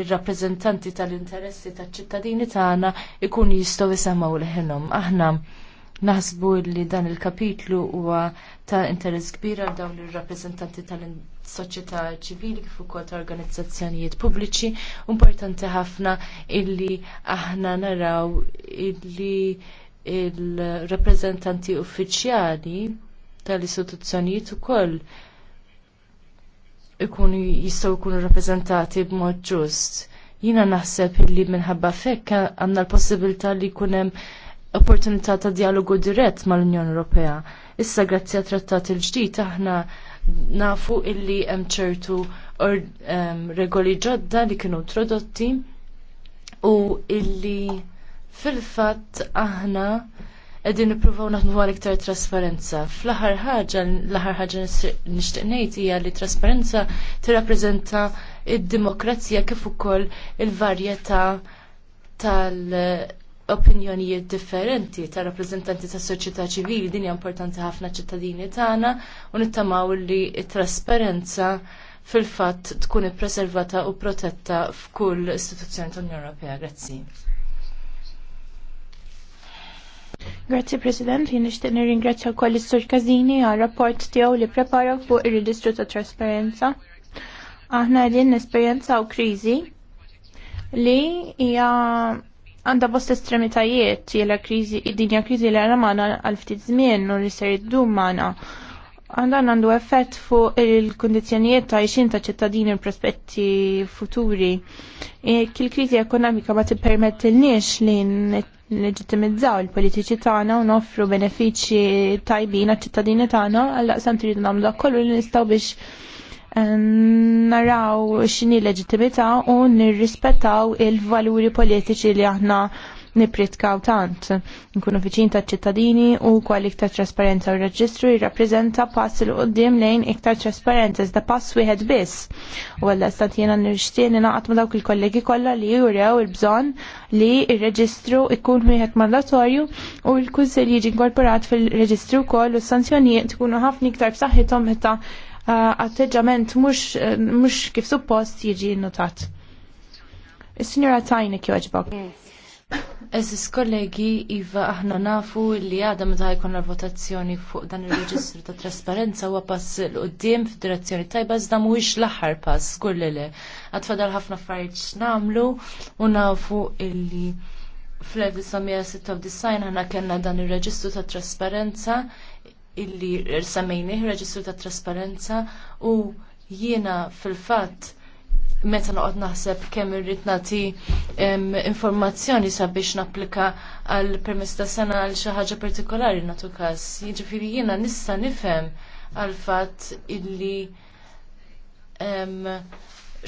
ir-rappreżentanti tal-interessi taċ-ċittadini tagħna ikunu jistgħu jisemgħu leħinhom. Aħna naħsbu li dan il-kapitlu huwa ta' interess kbir għal dawn ir-rappreżentanti tal-interessi soċjetà ċivili kif ukoll ta' organizzazzjonijiet pubbliċi importanti ħafna illi aħna naraw illi il-rappreżentanti uffiċjali tal-istituzzjonijiet ukoll ikunu jistgħu jkunu rappreżentati b'mod ġust. Jiena naħseb illi minħabba fekk għandna l-possibilità li jkun hemm opportunità ta' dialogu dirett mal-Unjoni Ewropea. Issa grazzi għat trattat il-ġdid aħna nafu illi hemm ċertu regoli ġodda li kienu introdotti u illi fil-fatt aħna qegħdin nipruvaw naħdmu għal iktar trasparenza. Fl-aħħar ħaġa l-aħħar ħaġa nixtieq ngħid hija li trasparenza tirrappreżenta id-demokrazija kif ukoll il-varjetà tal opinjonijiet differenti ta' rappreżentanti tas soċjetà ċivili din hija importanti ħafna ċittadini tagħna u nittamaw li t trasparenza fil-fatt tkun ippreservata u protetta f'kull istituzzjoni tal-Unjoni Ewropea. Grazzi. Grazzi President, jien nixtieq nirringrazzja wkoll is-Sur Kazini għal rapport tiegħu li prepara fuq ir-Reġistru ta' Trasparenza. Aħna qegħdin nesperjenzaw kriżi li hija għandha bost estremitajiet jela krizi, id-dinja kriżi li għana maħna għal ftit żmien u li ser iddum magħna. Għanda għandu effett fuq il-kondizjonijiet ta' jxin ta' ċittadini prospetti futuri. E, kil kriżi ekonomika ma tippermettilniex li n-leġitimizzaw il-politiċi tagħna u noffru benefiċċji tajbin għaċ-ċittadini tagħna għal-laqsam tridu nagħmlu kollu li nistaw biex naraw x'inhi leġittimità u nirrispettaw il-valuri politiċi li aħna nipritkaw tant. Nkunu viċin ta' ċittadini u kwal iktar trasparenza u reġistru jirrappreżenta pass il qoddim lejn iktar trasparenza iżda pass wieħed biss. U għalla stant jena nirxtien jena ma dawk il-kollegi kollha li jurew il-bżonn li il reġistru ikun wieħed mandatorju u l kunsel jiġi inkorporat fil-reġistru wkoll u s-sanzjonijiet tkunu ħafna iktar b'saħħithom meta Eh, atteġġament eh, mhux kif suppost jiġi notat. Is-Sinjora Tajnik joġbok. Eżis kollegi, Iva, aħna nafu li għada meta l votazzjoni fuq dan il-reġistru ta' trasparenza huwa pass l-qoddim f'direzzjoni tajba iżda mhuwiex l-aħħar pass kull li għatfadal ħafna affarijiet x'namlu u nafu illi fl-1996 aħna kellna dan ir reġistru ta' trasparenza illi semmejni reġistru ta' trasparenza u jiena fil-fatt meta noqgħod naħseb kemm irrid nagħti informazzjoni sabiex napplika għal permess ta' sena għal xi ħaġa partikolari nagħtu każ. Jiġifieri jiena nista' nifhem għal fatt illi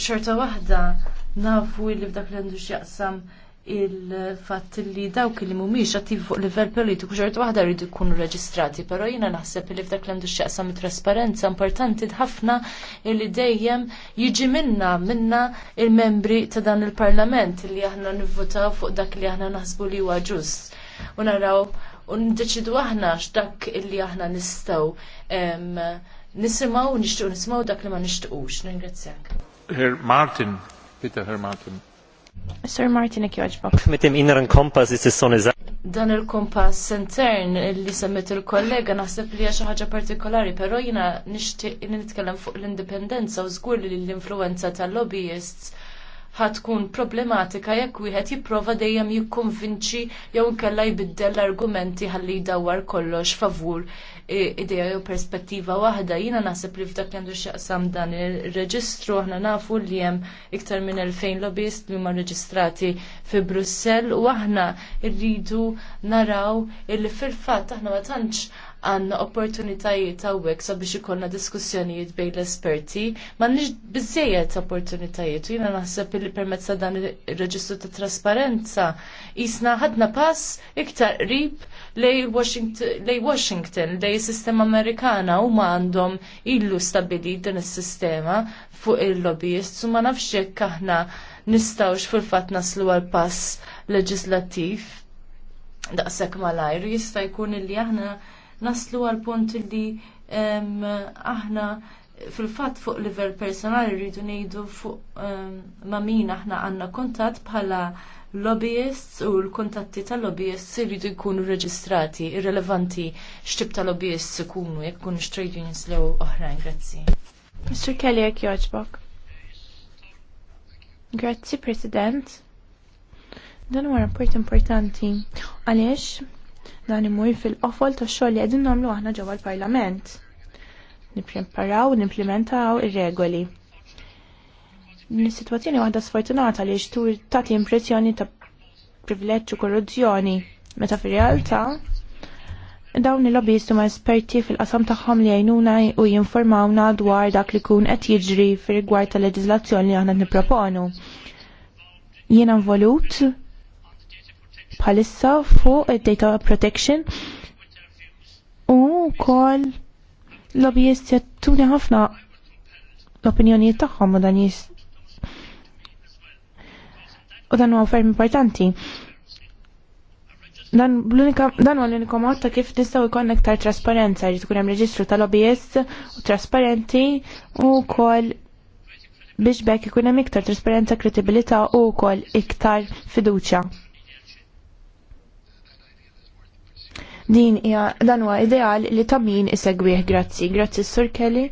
xorta waħda nafu illi f'dak l għandu x'jaqsam il-fatt li dawk li mhumiex attivi fuq livell politiku ġert waħda rridu jkunu reġistrati, però jina naħseb li f'dak l-għandu x'jaqsam trasparenza importanti ħafna li dejjem jiġi minna minna il-membri ta' dan il-Parlament li aħna nivvuta fuq dak li aħna naħsbu li huwa ġust. U naraw u ndeċidu aħna x'dak li aħna nistgħu nisimgħu u nixtiequ nisimgħu dak li ma nixtiequx. Ningrazzjak. Herr Martin, Peter Herr Martin. Sir Martin Ekjoġbok. Mitim inran kompass is son Dan il-kompass intern li semmet il-kollega naħseb li xi ħaġa partikolari, però jiena nixtieq nitkellem fuq l-indipendenza u żgur li l-influenza tal-lobbyists ħatkun problematika jekk wieħed jipprova dejjem jikkonvinċi jew inkella jbiddel l-argumenti ħalli jdawwar kollox favur e, idea jew perspettiva waħda. Jiena naħseb li f'dak għandu x'jaqsam dan ir-reġistru aħna nafu li hemm iktar minn 2000 lobbyist li huma reġistrati fi Brussell u aħna rridu naraw illi fil-fatt aħna ma tantx għandna opportunitajiet sa biex ikonna diskussjonijiet bejn l-esperti, m'għandniex biżejjed opportunitajiet u jina naħseb li permezz ta' dan ir-reġistru ta' trasparenza jisna ħadna pass iktar qrib lej Washington, lej sistema Amerikana u ma għandhom illu stabili din is-sistema fuq il-lobbyist, u ma nafxek aħna nistawx fil-fat naslu għal-pass leġislattiv daqshekk malajr jista' jkun illi aħna naslu għal punt li aħna fil-fatt fuq livell personali rridu ngħidu fuq ma' min aħna għandna kuntatt bħala lobbyists u l-kontatti tal lobbyists rridu jkunu reġistrati, irrelevanti x'tib ta' lobbyists ikunu jekk kun trade unions lew oħrajn, grazzi. Mr. Kelly jekk joġbok. Grazzi President. Dan huwa rapport importanti. Għaliex dan imur fil-qofol ta' xogħol li qegħdin nagħmlu aħna ġewwa l-Parlament. Nippreparaw nimplementaw ir-regoli. Nis-sitwazzjoni waħda sfortunata li xtur tagħti impressjoni ta' privileġġ u korruzzjoni meta fir-realtà dawn il-lobbyistu ma' esperti fil-qasam tagħhom li jgħinuna u jinformawna dwar dak li kun qed jiġri fir-rigward tal-leġiżlazzjoni li aħna nipproponu. Jiena involut bħalissa fuq data protection u kol lobbyist jattuni ħafna l-opinjoni tagħhom u dan jis u dan huwa ferm importanti. Dan l-unika huwa l-uniku mod ta' kif nistaw ikon aktar trasparenza, jrid ikun hemm reġistru ta' lobbyist u trasparenti u wkoll biex bekk ikun hemm iktar trasparenza, kredibilità u wkoll iktar fiduċja. Din hija dan huwa ideal li ta' min isegwih grazzi. Grazzi Sur Kelly,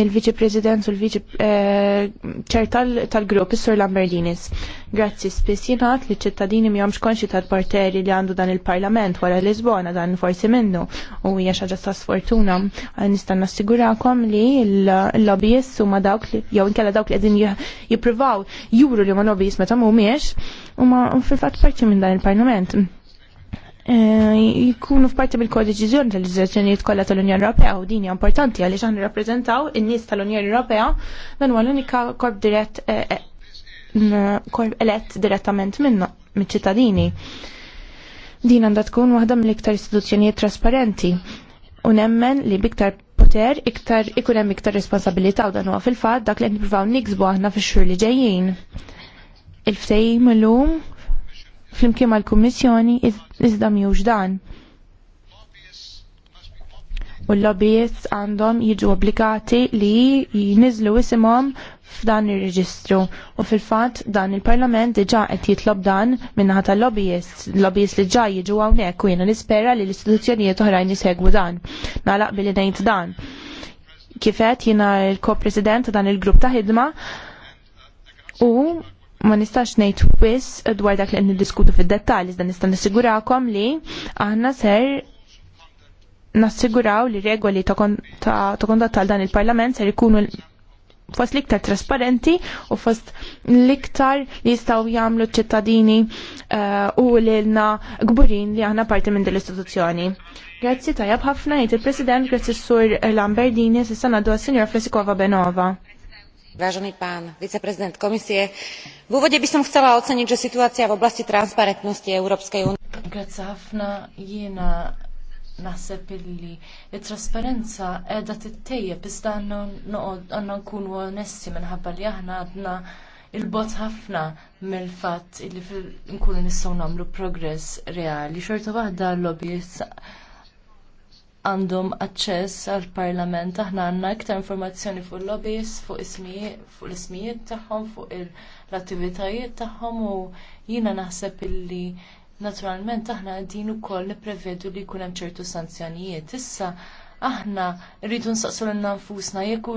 il-Viċi President u l-Viċi eh, ċer tal-grupp, is-Sur Lamberdinis. Grazzi spiss jingħat li ċittadini mihomx konxi tal-parteri li għandu dan il-Parlament wara Lisbona dan forsi minnu u hija xi ħaġa ta' sfortuna. Nista' nassigurakom li l-lobbyist huma dawk li jew inkella dawk li qegħdin jippruvaw juru li huma lobbyist meta mhumiex huma fil-fatt parti minn dan il-Parlament Eh, jikunu f'parti mill-kodeċiżjoni tal-istituzzjonijiet kollha tal-Unjoni Ewropea u din hija importanti għaliex xan rappresentaw in-nies tal-Unjoni Ewropea dan huwa l-unika korp dirett eh, eh, korp elett direttament minna mit ċittadini Din għandha tkun waħda mill-iktar istituzzjonijiet trasparenti u nemmen li biktar poter iktar ikun hemm iktar responsabilità u dan huwa fil-fatt dak li qed nippruvaw niksbu aħna fix-xhur li ġejjin. Il-ftehim illum flimkien mal-Kummissjoni iżda miħux dan. U l-lobbyists għandhom jiġu obbligati li jinizlu isimhom f'dan ir-reġistru. U fil-fatt dan il-Parlament diġà qed jitlob dan minnaħa tal-lobbyists. Lobbyists li ġaj jiġu hawnhekk u jiena nispera li l-istituzzjonijiet oħrajn jisegwu dan. Nalaq billi ngħid dan. Kifet jiena l-ko-president dan il-grupp ta' ħidma u ma nistax ngħid wis dwar dak li qed niddiskutu fid dettalji iżda nista' nissigurakom li aħna ser nassiguraw li regoli ta' kondotta tal dan il-Parlament ser ikunu fost liktar trasparenti u fost liktar li jistaw jamlu ċittadini eh, u l-ilna gburin li aħna parti minn dell-istituzzjoni. Grazzi tajab ħafna jt il-President, grazzi s-sur Lamberdini, s sanadu għas s-Sinjor Flesikova Benova. Vážený pán viceprezident komisie, v úvode by som chcela oceniť, že situácia v oblasti transparentnosti Európskej únie. ħafna jiena naħseb it-trasparenza qiegħda iżda nkunu onesti minħabba li aħna għadna il-bot ħafna mill-fatt illi nkunu nistgħu nagħmlu progress reali. Xorta waħda l-lobby għandhom aċċess għall parlament aħna għandna iktar informazzjoni fuq il-lobbies, fuq l-ismijiet tagħhom, fuq l-attivitajiet tagħhom u jiena naħseb illi naturalment aħna qegħdin ukoll nipprevedu li jkun hemm ċertu sanzjonijiet. Issa aħna rridu nsaqsu l-nanfusna jekk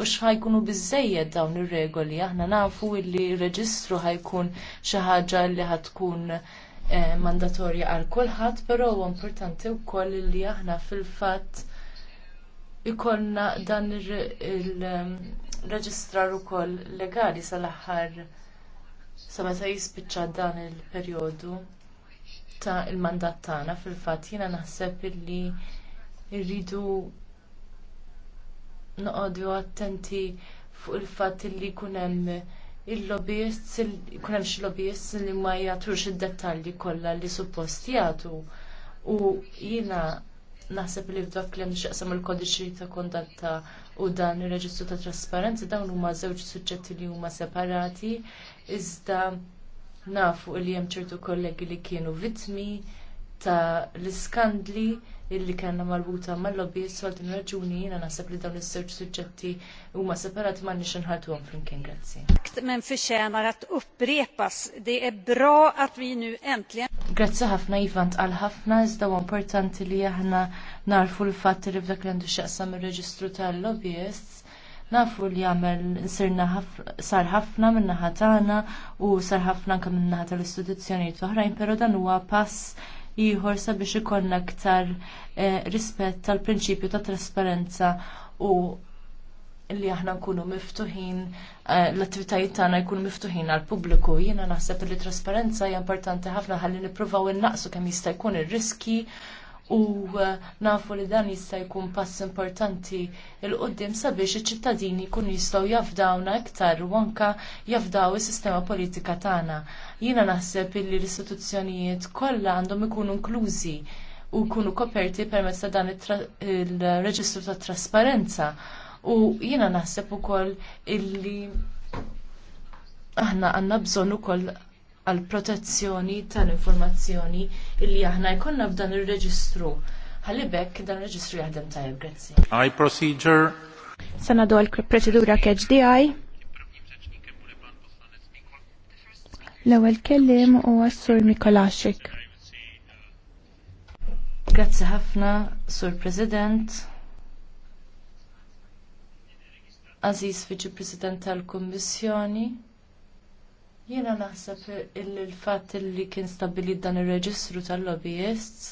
hux ħajkunu biżżejjed dawn ir-regoli, aħna nafu li r reġistru ħajkun xi ħaġa li ħatkun tkun Eh, mandatorja għal kulħadd, però huwa importanti wkoll li aħna fil-fatt ikollna dan il-reġistrar eh, ukoll legali sal-aħħar sa meta jispiċċa dan il-perjodu ta' il-mandat tagħna fil-fatt jiena naħseb li rridu noqogħdu attenti fuq il-fatt li jkun hemm il lobbyist jkun hemm xi li ma jagħtux id-dettalji kollha li suppost jagħtu. U jiena naħseb li f'dak li x'jaqsam il-kodiċi ta' kondatta u dan ir-reġistru ta' trasparenza dawn huma żewġ suġġetti li huma separati, iżda nafu li hemm ċertu kollegi li kienu vittmi ta' l-iskandli illi kellna marbuta mal-lobby s-sol din raġuni jiena naħseb li dawn is sewġ suġġetti huma separati m'għandniex inħaltuhom flimkien grazzi. Men förtjänar att upprepas. Det är bra att vi nu entli. Grazzi ħafna jivant għal ħafna iżda huwa importanti li aħna narfu l fat li f'dak li għandu x'aqsam ir-reġistru tal-lobbyists nafu li għamel sirna sar ħafna minna ħatana u sar ħafna anka minna ħata l-istituzzjonijiet oħrajn, pero dan huwa pass ieħor sabiex ikollna aktar eh, rispett tal-prinċipju ta' trasparenza u li aħna nkunu miftuħin, eh, l-attivitajiet tagħna jkunu miftuħin għal pubbliku. Jiena naħseb li trasparenza hija importanti ħafna ħalli nippruvaw innaqsu kemm jista' jkun ir-riski u eh, nafu li dan jista' jkun pass importanti il qudiem sabiex iċ-ċittadini jkunu jistgħu jafdawna iktar u anke jafdaw is-sistema politika tagħna. Jiena naħseb li l-istituzzjonijiet kollha għandhom ikunu inklużi u jkunu koperti permezz ta' dan il-reġistru tat trasparenza. U jiena naħseb ukoll illi aħna għandna bżonn ukoll għal protezzjoni tal-informazzjoni illi aħna jkollna f'dan ir-reġistru. Ħalli dan ir-reġistru jaħdem tajjeb, grazzi. I procedure. Sana do l-procedura KHDI. L-ewwel kellim u s-Sur Mikolaxik. Grazzi ħafna, Sur President. Aziz Vice President tal-Kummissjoni. Jiena naħseb il-fatt li kien stabili dan ir reġistru tal-lobbyists.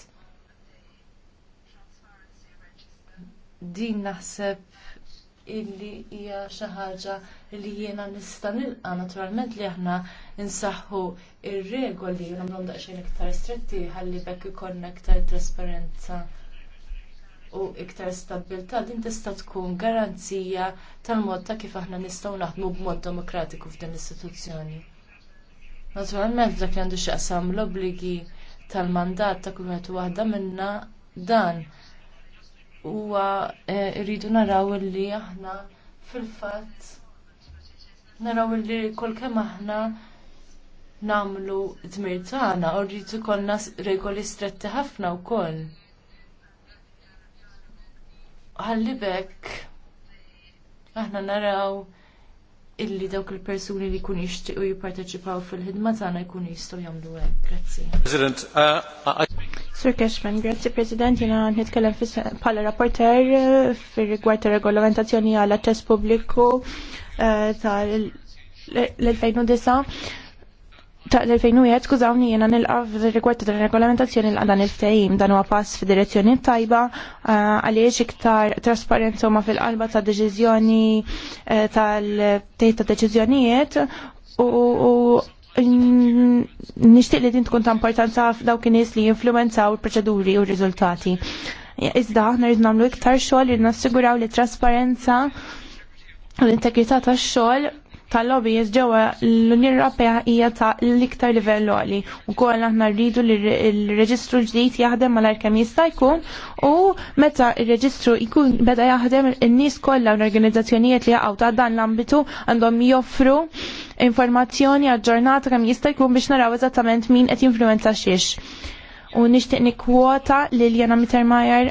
Din naħseb illi hija xi ħaġa li jiena nista' nilqa' naturalment li aħna nsaħħu ir-regoli u nagħmlu daqsxejn iktar stretti ħalli bekk ikollna iktar trasparenza u iktar stabilta din tista' tkun garanzija tal-mod ta' kif aħna nistgħu naħdmu b'mod demokratiku f'din l-istituzzjoni. Naturalment dak li għandu x'jaqsam l obbligi tal-mandat ta' kulħadd waħda minna dan huwa e, rridu naraw li aħna fil-fatt naraw li kol kemm aħna namlu dmir tagħna u rridu jkollna regoli stretti ħafna wkoll. Ħalli bekk aħna naraw illi dawk il-persuni li kun jixtiequ jipparteċipaw fil-ħidma tagħna jkunu jistgħu jagħmlu hekk. Grazzi. President, Sir Cashman, grazzi President, jena nitkellem bħala rapporter fir-rigward ta' regolamentazzjoni għal aċċess pubbliku tal l-2009 ta' l-2001 skużawni jena nilqaf rikwetta ta' regolamentazzjoni l dan il-ftehim dan huwa pass f'direzzjoni tajba eh, għaliex iktar trasparenza huma fil-qalba ta' deċiżjoni eh, tal-tejt ta' deċiżjonijiet u nixtieq li din tkun ta' importanza f'dawk in-nies li jinfluwenzaw il-proċeduri u r-riżultati. Iżda aħna rridu nagħmlu iktar xogħol li nassiguraw li trasparenza l-integrità tax-xogħol tal-lobbyist ġewwa l-Unjoni Ewropea hija ta' l-iktar livell għali. Ukoll aħna rridu li l-reġistru ġdid jaħdem malajr kemm jista' jkun u meta r-reġistru jkun beda jaħdem in-nies kollha l-organizzazzjonijiet li jaqgħu ta' dan l-ambitu għandhom joffru informazzjoni aġġornata kemm jista' jkun biex naraw eżattament min qed jinfluwenza xiex u nixtieq nikkwota lil Jana Mittermeier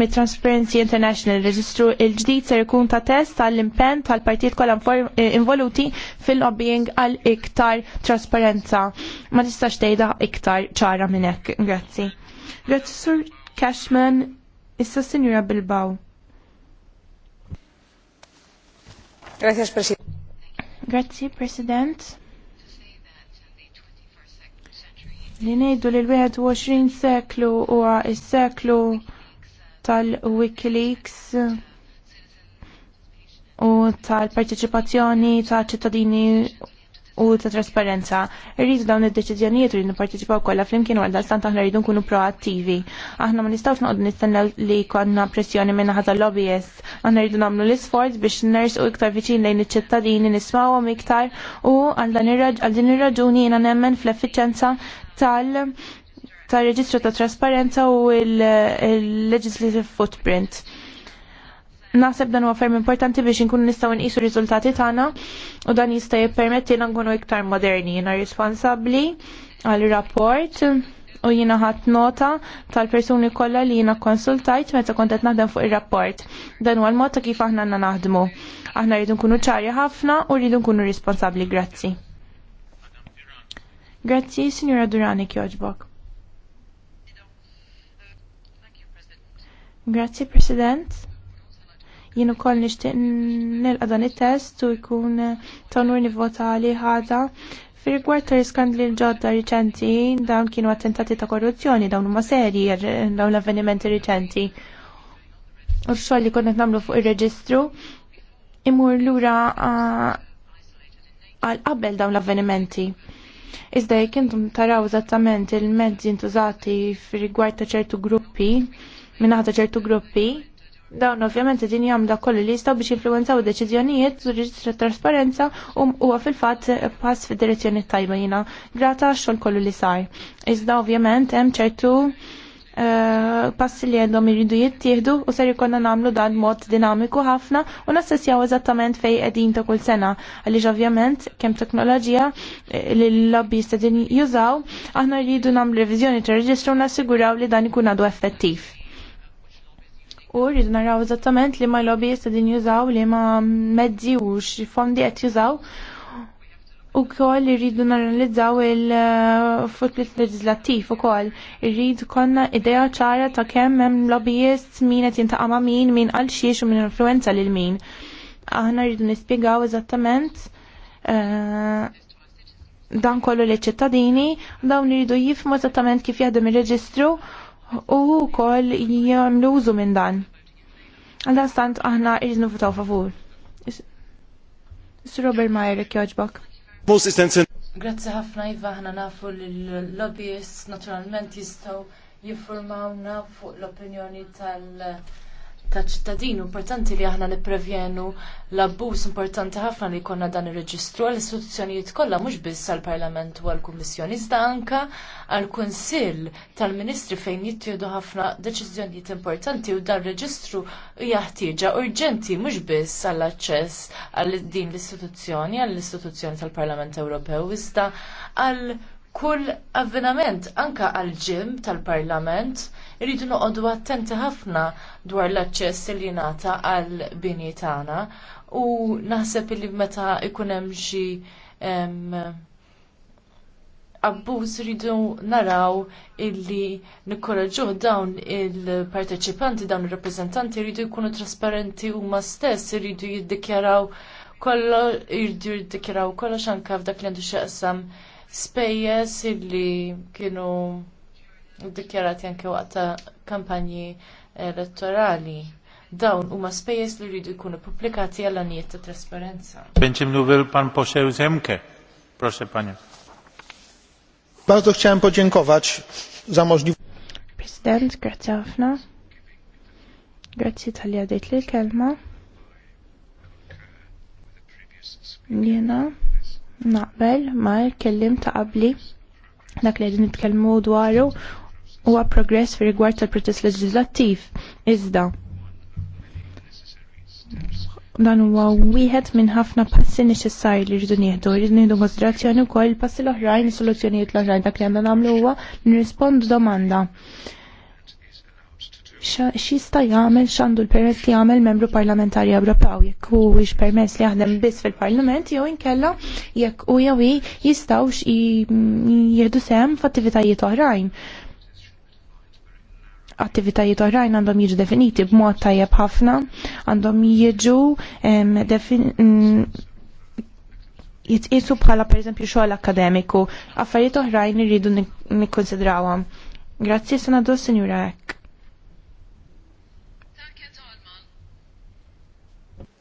mit Transparency International reġistru il-ġdid ser ikun ta' test tal-impenn tal-partijiet kollha eh, involuti fil-lobbying għal iktar trasparenza. Ma tistax tgħidha iktar ċara minn hekk. Grazzi. Grazzi Sur Cashman, issa Sinjura Bilbao. Grazie President. Grazie President. li ngħidu li l-21 seklu huwa s-seklu tal-Wikileaks u tal-parteċipazzjoni ta' ċittadini u ta' trasparenza. Irridu dawn id-deċiżjonijiet u nipparteċipaw kollha flimkien għal stant aħna rridu nkunu proattivi. Aħna ma nistgħux noqogħdu nistennew li konna pressjoni minn ħadd lobbyist. Aħna rridu nagħmlu l-isforz biex ners u iktar viċin lejn iċ-ċittadini nismawhom iktar u għal din ir-raġuni jiena nemmen fl-effiċenza tal tal reġistru ta' trasparenza u l-legislative footprint Naħseb dan huwa ferm importanti biex inkunu nistgħu nqisu riżultati tagħna u dan jista' jippermetti l nkunu iktar moderni, jiena responsabbli għal rapport u jiena ħadd nota tal-persuni kollha li jiena konsultajt meta kont qed naħdem fuq ir-rapport. Dan huwa l-mod ta' kif aħna għandna naħdmu. Aħna rridu nkunu ċari ħafna u rridu nkunu responsabbli. Grazzi. Grazzi, Signora Durani kjoġbok. Grazzi, President. Jien ukoll nixtieq nilqa' dan it-test u jkun tonur nivvota li ħada. Fir-rigward ta' skandli l-ġodda riċenti, dawn kienu attentati ta' korruzzjoni, dawn huma serji dawn l-avvenimenti riċenti. U xogħol li konna nagħmlu fuq ir-reġistru imur lura għal qabel dawn l-avvenimenti. Iżda jekk intom taraw eżattament il-mezzi intużati fir-rigward ta' ċertu gruppi, minn ċertu gruppi, Dawn ovvjament din jagħmlu kollu li jistgħu biex influenzaw deċiżjonijiet u reġistra trasparenza u huwa fil-fatt pass fid-direzzjoni tajba jiena. Grata xogħol kollu li sar. Iżda ovvjament hemm ċertu eh, passi li għandhom iridu jittieħdu u ser jkollna namlu dan mod dinamiku ħafna u nassessjaw eżattament fej qegħdin ta' kull sena. Għaliex ovvjament kemm teknoloġija eh, li l-lobby stedin jużaw, aħna rridu nagħmlu reviżjoni ta' reġistru u nassiguraw li dan ikun għadu effettiv. U rridu naraw eżattament li ma lobby jista' din jużaw li ma mezzi u x'fondi qed jużaw. U kol irridu naralizzaw il-futlit eh, leġislattiv u kol. Irridu konna ideja ċara ta' kemm hemm lobbyist min qed jintaqama' min, min għal xiex u min influenza lil min. Aħna rridu nispjegaw eżattament eh, dan kollu li ċittadini, dawn iridu jifmu eżattament kif jaħdem il reġistru u kol jgħamlu użu minn dan. Għalda stant aħna iġnu votaw favur. Sir Robert Mayer, kjoġbok. Grazzi ħafna Iva, ħana nafu l lobbyist naturalment jistaw jiffurmawna fuq l-opinjoni tal- ta' ċittadini importanti li aħna nipprevjenu l-abbuż importanti ħafna li jkollna dan ir-reġistru għall istituzzjonijiet kollha mhux biss għall parlament u għall-Kummissjoni iżda anke għall kunsill tal-Ministri fejn jittieħdu ħafna deċiżjonijiet importanti u dan reġistru hija ħtieġa urġenti mhux biss għall-aċċess għal din l-istituzzjoni għall-istituzzjoni tal-Parlament Ewropew iżda għall kull avvenament anka għal ġim tal-Parlament irridu noqogħdu attenti ħafna dwar l-aċċess li jingħata għal bini tagħna u naħseb li meta ikun hemm xi abbuż rridu naraw illi nikkoraġġuh dawn il-parteċipanti dawn ir-rappreżentanti il jridu jkunu trasparenti huma stess irridu jiddikjaraw kollox jiddikjaraw kollox anke f'dak li għandu x'jaqsam spejjeż illi kienu dikjarati anke waqt ta' kampanji elettorali dawn huma spejjeż li rridu jkunu pubblikati għal anijiet ta' trasparenza. Będziem mówił pan poseł Zemke. Proszę panie. Bardzo chciałem podziękować za możliwość. Prezydent, grazie ħafna. Grazie tal-li li kelma Jena naqbel mal-kellim ta' qabli dak li qegħdin nitkellmu dwaru huwa progress fi rigward tal-proċess leġislattiv. Iżda dan huwa wieħed minn ħafna passi neċessarji li rridu nieħdu, rridu nieħdu konsiderazzjoni wkoll il-passi l-oħrajn, is-soluzzjonijiet l-oħrajn dak li għandna nagħmlu huwa nirrispondu domanda xista jagħmel x'għandu l-permess li jagħmel membru parlamentari Ewropew jekk huwiex permess li jaħdem biss fil-Parlament jew inkella jekk u jew jistgħux jieħdu sehem f'attivitajiet oħrajn. Attivitajiet oħrajn għandhom jiġu definiti b'mod tajjeb ħafna, għandhom jiġu jitqisu bħala pereżempju xogħol akademiku, affarijiet oħrajn irridu nikkonsidrawhom. Grazzi Senador, Sinjura Ek.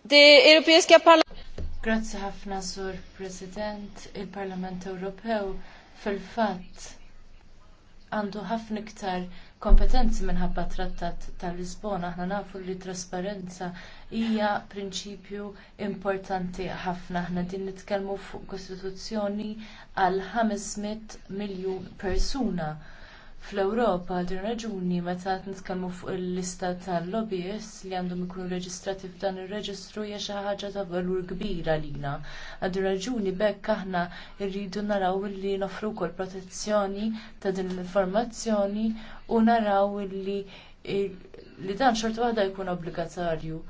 Grazzi ħafna sur President, il-Parlament Ewropew fil-fatt għandu ħafna iktar kompetenzi minħabba trattat tal-Lisbona. Aħna nafu li trasparenza hija prinċipju importanti ħafna. Aħna din nitkellmu fuq kostituzzjoni għal 500 miljun persuna fl-Ewropa din raġuni meta qed nitkellmu fuq il-lista tal-lobbyists li għandhom ikunu reġistrati f'dan ir-reġistru hija xi ħaġa ta' valur kbira għalina. Għad raġuni bekk aħna rridu naraw li nofru wkoll protezzjoni ta' din l-informazzjoni u naraw li dan xorta waħda jkun obbligatorju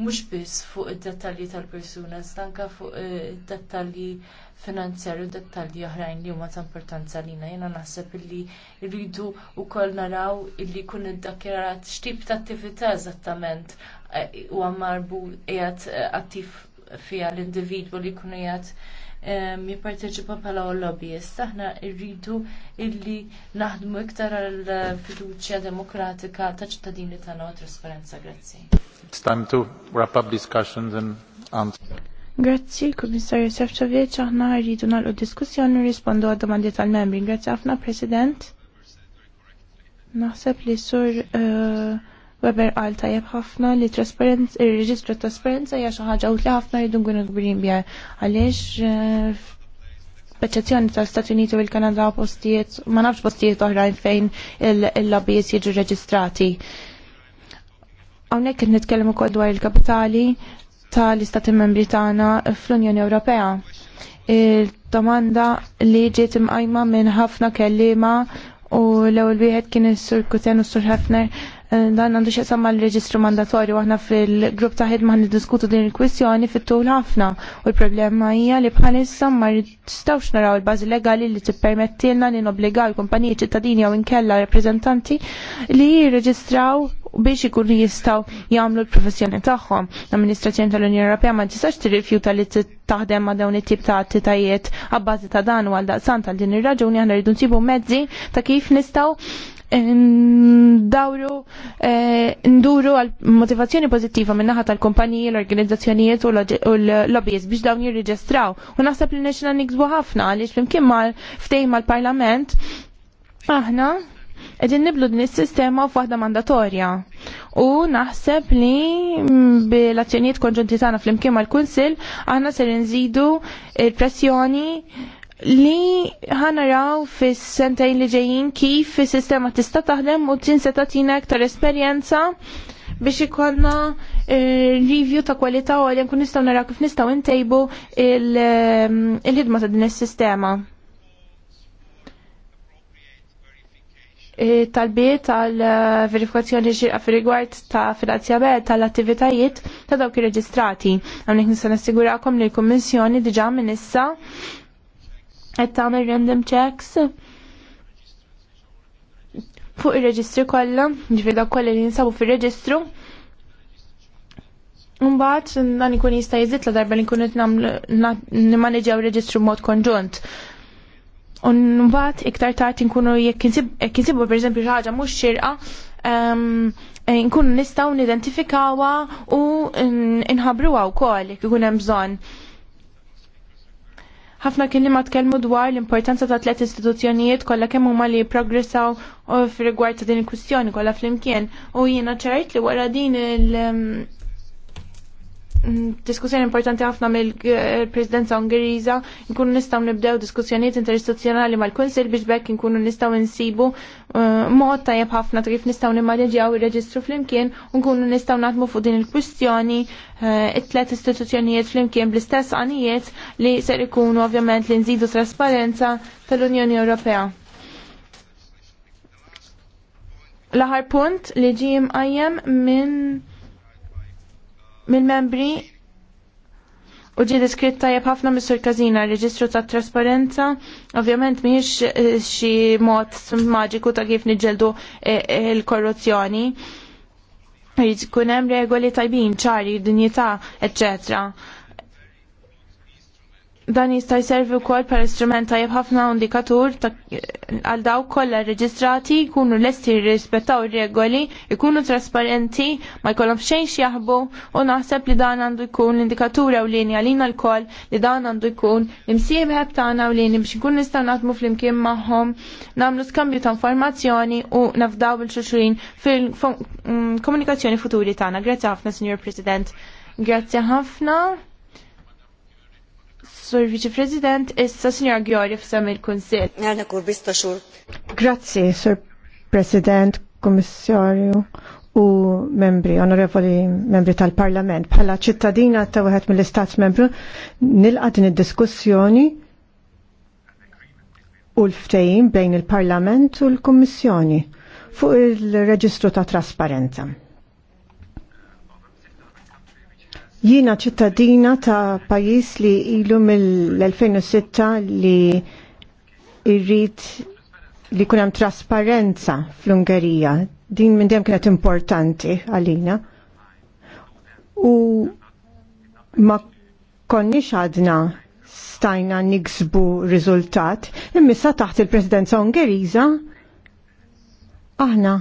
mhux biss fuq id-dettalji tal-persuna, stanka fuq id-dettalji eh, finanzjarju, dettalji oħrajn li huma ta' importanza lina. Jiena naħseb illi rridu wkoll naraw illi jkun iddakjarat x'tip ta' attività eżattament eh, huwa marbu qiegħed eh, attiv fiha l individwu li jkunu qiegħed jipparteċipa bħala lobbyist. Aħna rridu illi naħdmu iktar għal-fiduċja demokratika ta' ċittadini tagħna u trasparenza. Grazzi. It's time to wrap up discussions and answer. Grazzi, Kummissarju Sefcovic, aħna rridu nal diskussjoni u rispondu għad domandi tal-membri. Grazzi aħna, President. Naħseb li sur uh, Weber qal tajjeb ħafna li t-Trasparenza, ir-reġistru trasparenza hija xi ħaġa utli ħafna jridu nkunu kbirin biha Għalix, eh, perċezzjoni tal-Stati Uniti u l-Kanada postijiet, ma nafx postijiet oħrajn fejn il-lobbies jiġu reġistrati. Hawnhekk qed nitkellem ukoll dwar il-kapitali tal-Istati Membri tagħna fl-Unjoni Ewropea. Il-domanda li ġiet imqajma minn ħafna kelliema u l-ewwel wieħed kien is-Sur Kuten u s-Sur Hefner Eh, dan għandu xieqsam l reġistru mandatorju aħna fil-grupp ta' ħidma diskutu din il-kwistjoni fit-tul ħafna u l-problema hija li bħalissa ma nistgħux naraw il-bażi legali li tippermettilna li nobbligaw il-kumpaniji ċittadini jew inkella rappreżentanti li jirreġistraw biex ikunu jistgħu jagħmlu l-professjoni tagħhom. L-Amministrazzjoni tal-Unjoni Ewropea ma tistax tirrifjuta li taħdem ma' dawn it-tip ta' attitajiet għabbażi ta' dan u għal daqsan tal din ir-raġuni aħna rridu nsibu mezzi ta' kif nistgħu ndawru eh, nduru għal motivazzjoni pozittiva minn naħa tal-kumpaniji, l-organizzazzjonijiet u l-lobbies biex dawn jirreġistraw. U naħseb li nexna nikzbu ħafna għaliex flimkien mal ftejn mal-parlament aħna edin niblu din is-sistema f'waħda mandatorja. U naħseb li bil-azzjonijiet konġunti tagħna fl-imkien mal-Kunsill aħna ser nżidu il-pressjoni li ħanaraw fis sentajn li ġejjin kif is sistema tista taħdem u tin seta tina aktar esperjenza biex ikollna eh, review ta' kwalità u għalhekk kun naraw kif nistgħu intejbu ehm, il-ħidma ta' din is-sistema. Eh, talbiet tal verifikazzjoni ġirqa fi rigward ta' finanzjament tal-attivitajiet ta' dawk irreġistrati. Għamnek nista' nassigurakom li l-Kummissjoni diġa minn issa qed tagħmel random checks fuq ir-reġistri kollha, ġifier dak kollha li jinsabu fir-reġistru. Mbagħad dan ikun jista' jiżid la darba li nkunu qed nimmaneġġjaw ir-reġistru b'mod konġunt. U mbagħad iktar tard inkunu jekk insibu pereżempju xi ħaġa mhux xirqa, ehm, eh, nkunu nistgħu nidentifikawha u nħabruha wkoll jekk ikun hemm bżonn ħafna ma tkellmu dwar l-importanza ta' tliet istituzzjonijiet kollha kemm huma li jipprogressaw uh, f'rigward ta' din il-kwistjoni kollha flimkien u jiena ċert li wara din il- um, diskussjoni importanti ħafna mill-Presidenza Ungheriża nkunu nistgħu nibdew diskussjonijiet interistituzzjonali mal-Kunsill biex bekk inkunu nistgħu nsibu eh, mod tajjeb ħafna kif nistgħu nimmaneġjaw ir-reġistru flimkien u nkunu nistgħu naħdmu fuq din il-kwistjoni eh, it-tlet istituzzjonijiet flimkien bl-istess għanijiet li ser ikunu ovvjament li nżidu trasparenza tal-Unjoni Ewropea. L-aħar punt li ġie mqajjem minn mill-membri u ġi diskritta tajjeb ħafna mis-sur Kazina reġistru ta' trasparenza, ovvjament miħiex eh, xi mod maġiku ta' kif niġġeldu il-korruzzjoni. Eh, eh, Jkun hemm regoli tajbin, ċari, dinjità, eċċetera Dan jista' jservi wkoll per istrument tajjeb ħafna indikatur għal dawk kollha rreġistrati jkunu lesti jirrispettaw ir-regoli, jkunu trasparenti, ma jkollhom xejn jaħbu u naħseb li dan għandu jkun l-indikatur ewlieni għalina lkoll li dan għandu jkun imsieħeb tagħna ewlieni biex ikun nistgħu naħdmu flimkien magħhom, nagħmlu skambju ta' informazzjoni u nafdaw il-xulxulin fil-komunikazzjoni mm, futuri tagħna. Grazzi ħafna, Signor President. Grazzi ħafna. Sur Viċi President, issa Signor Gjori f'sam il-Kunsil. Għana kur bista xur. Grazzi, Sur President, Kommissarju u membri, onorevoli membri tal-Parlament. Bħala ċittadina ta' wieħed mill-Istat membru, nilqa din id-diskussjoni u l ftejn bejn il-Parlament u l-Kummissjoni fuq il-Reġistru ta' Trasparenza. Jiena ċittadina ta' pajis li ilu mill-2006 li irrit li kunem trasparenza fl-Ungerija. Din minn dem kienet importanti għalina. U ma konniex għadna stajna niksbu riżultat, immissa taħt il-presidenza Ungeriża aħna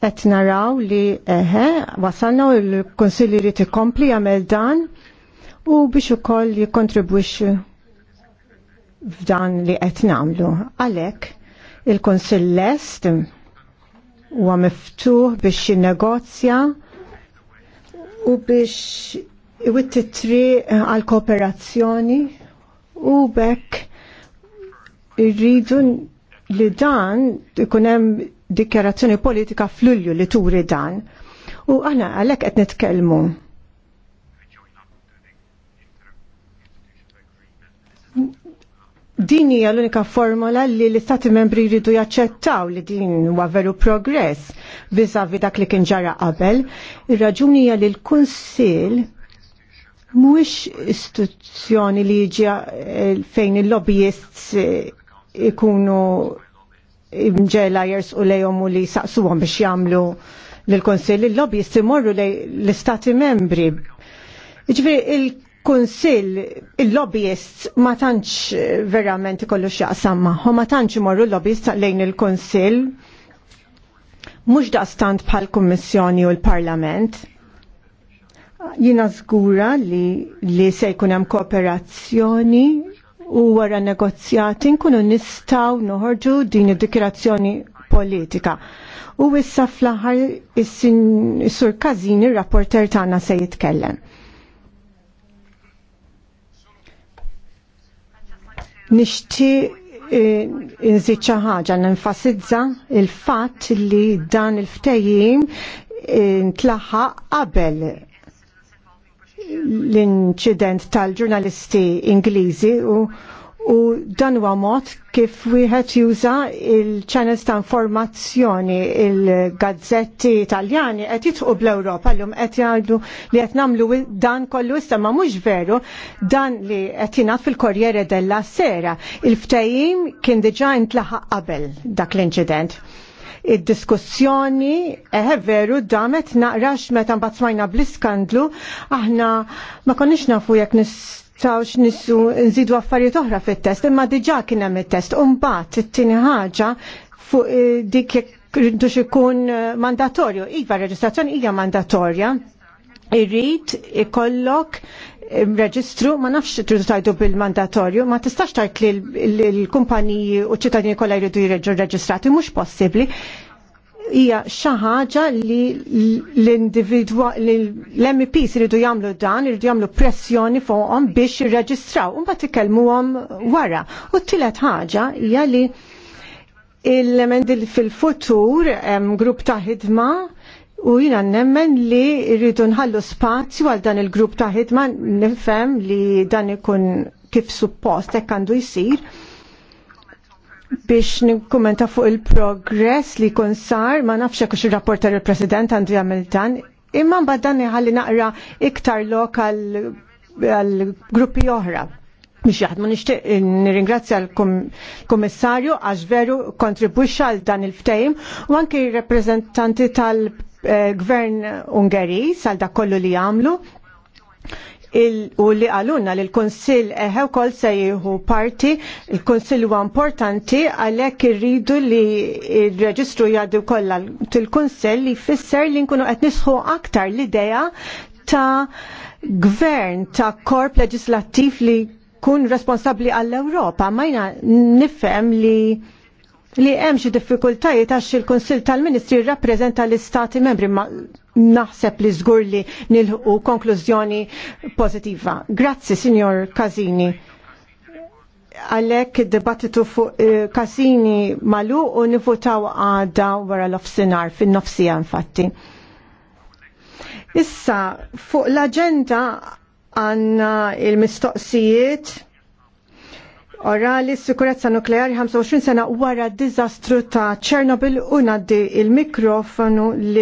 qed naraw li eħe, wasalna u l-Konsilli li ikompli jagħmel dan u biex ukoll jikkontribwix f'dan li qed nagħmlu. Għalhekk il-Konsill lest huwa miftuħ biex jinnegozja u biex iwitt tri għal kooperazzjoni u bekk irridu li dan ikun hemm dikjarazzjoni politika f'Lulju li turi dan. U għana għalhekk qed nitkellmu Din hija l-unika formola li l-Istati membri jridu jaċċettaw li din huwa veru progress viżavi dak li kien ġara qabel. Ir-raġuni hija li l-Kunsill mhuwiex istituzzjoni li jiġi eh, fejn il-lobbyists eh, ikunu imġela u lejom u li saqsuhom biex jagħmlu lill-Kunsill il-lobby jistimorru lej l-Istati membri. Iġveri, il-Kunsill il lobbyist ma tantx verament kollu xaqsam maħu, ma tantx imorru l-lobbyists lejn il-Kunsill. Mhux daqstant bħal-Kummissjoni u l-Parlament. Jina żgura li, li se jkun hemm kooperazzjoni u wara negozjati nkunu nistaw noħorġu din id-dikirazzjoni politika. U issa fl-aħħar is-sur ir rapporter tagħna se jitkellem. Nixti eh, nżid xi ħaġa nenfasizza il-fatt li dan il ftehim eh, tlaħħaq qabel l-inċident tal-ġurnalisti Ingliżi u u dan huwa mod kif wieħed juża il-channels ta' informazzjoni il-gazzetti Italjani qed jitqu bl-Ewropa llum qed jgħidu li qed nagħmlu dan kollu issa ma mhux veru dan li qed jingħad fil-Korriere della Sera. Il-ftehim kien diġà intlaħaq qabel dak l-inċident il diskussjoni eħe veru damet naqrax meta mbagħad smajna bl-iskandlu aħna ma konniex nafu jekk nistgħux nissu nżidu affarijiet oħra fit-test imma diġà kien hemm it-test u it-tieni ħaġa fuq eh, dik jekk rridux ikun eh, mandatorju. Iva, reġistrazzjoni hija mandatorja irrit ikollok reġistru ma nafx tridu tajdu bil-mandatorju, ma tistax tajt li l-kumpaniji u ċittadini kollha jridu jirreġu reġistrati, mhux possibbli. Hija xi ħaġa li l-individwa l mp iridu jagħmlu dan, iridu jagħmlu pressjoni fuqhom biex jirreġistraw, u mbagħad ikellmuhom wara. U t-tielet ħaġa hija li l emendi fil-futur grupp ta' ħidma U jina nemmen li rridu nħallu spazju għal dan il-grupp ta' ħidma nifhem li dan ikun kif suppost hekk għandu jsir biex nikkumenta fuq il-progress li kun sar ma nafx hekk ir-rapporter il-President għandu jagħmel dan imma mbagħad dan iħalli naqra iktar lok għal gruppi oħra. Mux jaħdmu nishtiq nirringrazzja l-Kommissarju għax veru kontribwixxa għal dan il-ftejm u anke r-reprezentanti tal- gvern Ungeri sal dak kollu li għamlu u li għaluna li l-Konsil eħew kol se jihu parti, l-Konsil huwa importanti għalek irridu li il-reġistru jaddu kollha til-Konsil li fisser li nkunu qed nisħu aktar l ideja ta' gvern ta' korp leġislattiv li kun responsabli għall-Europa. Majna nifhem li li hemm xi diffikultajiet għax il-Kunsill tal-Ministri rappreżenta l-Istati membri ma naħseb li żgur li nilħu konklużjoni pożittiva. Grazzi, Signor Casini. Għalhekk id-dibattitu fuq eh, Casini malu u nivutaw għada wara l-offsinar fin-nofsija infatti. Issa, fuq l-agenda għanna il-mistoqsijiet orali s-sikurezza nukleari 25 sena wara d-dizastru ta' Ċernobil u naddi il-mikrofonu li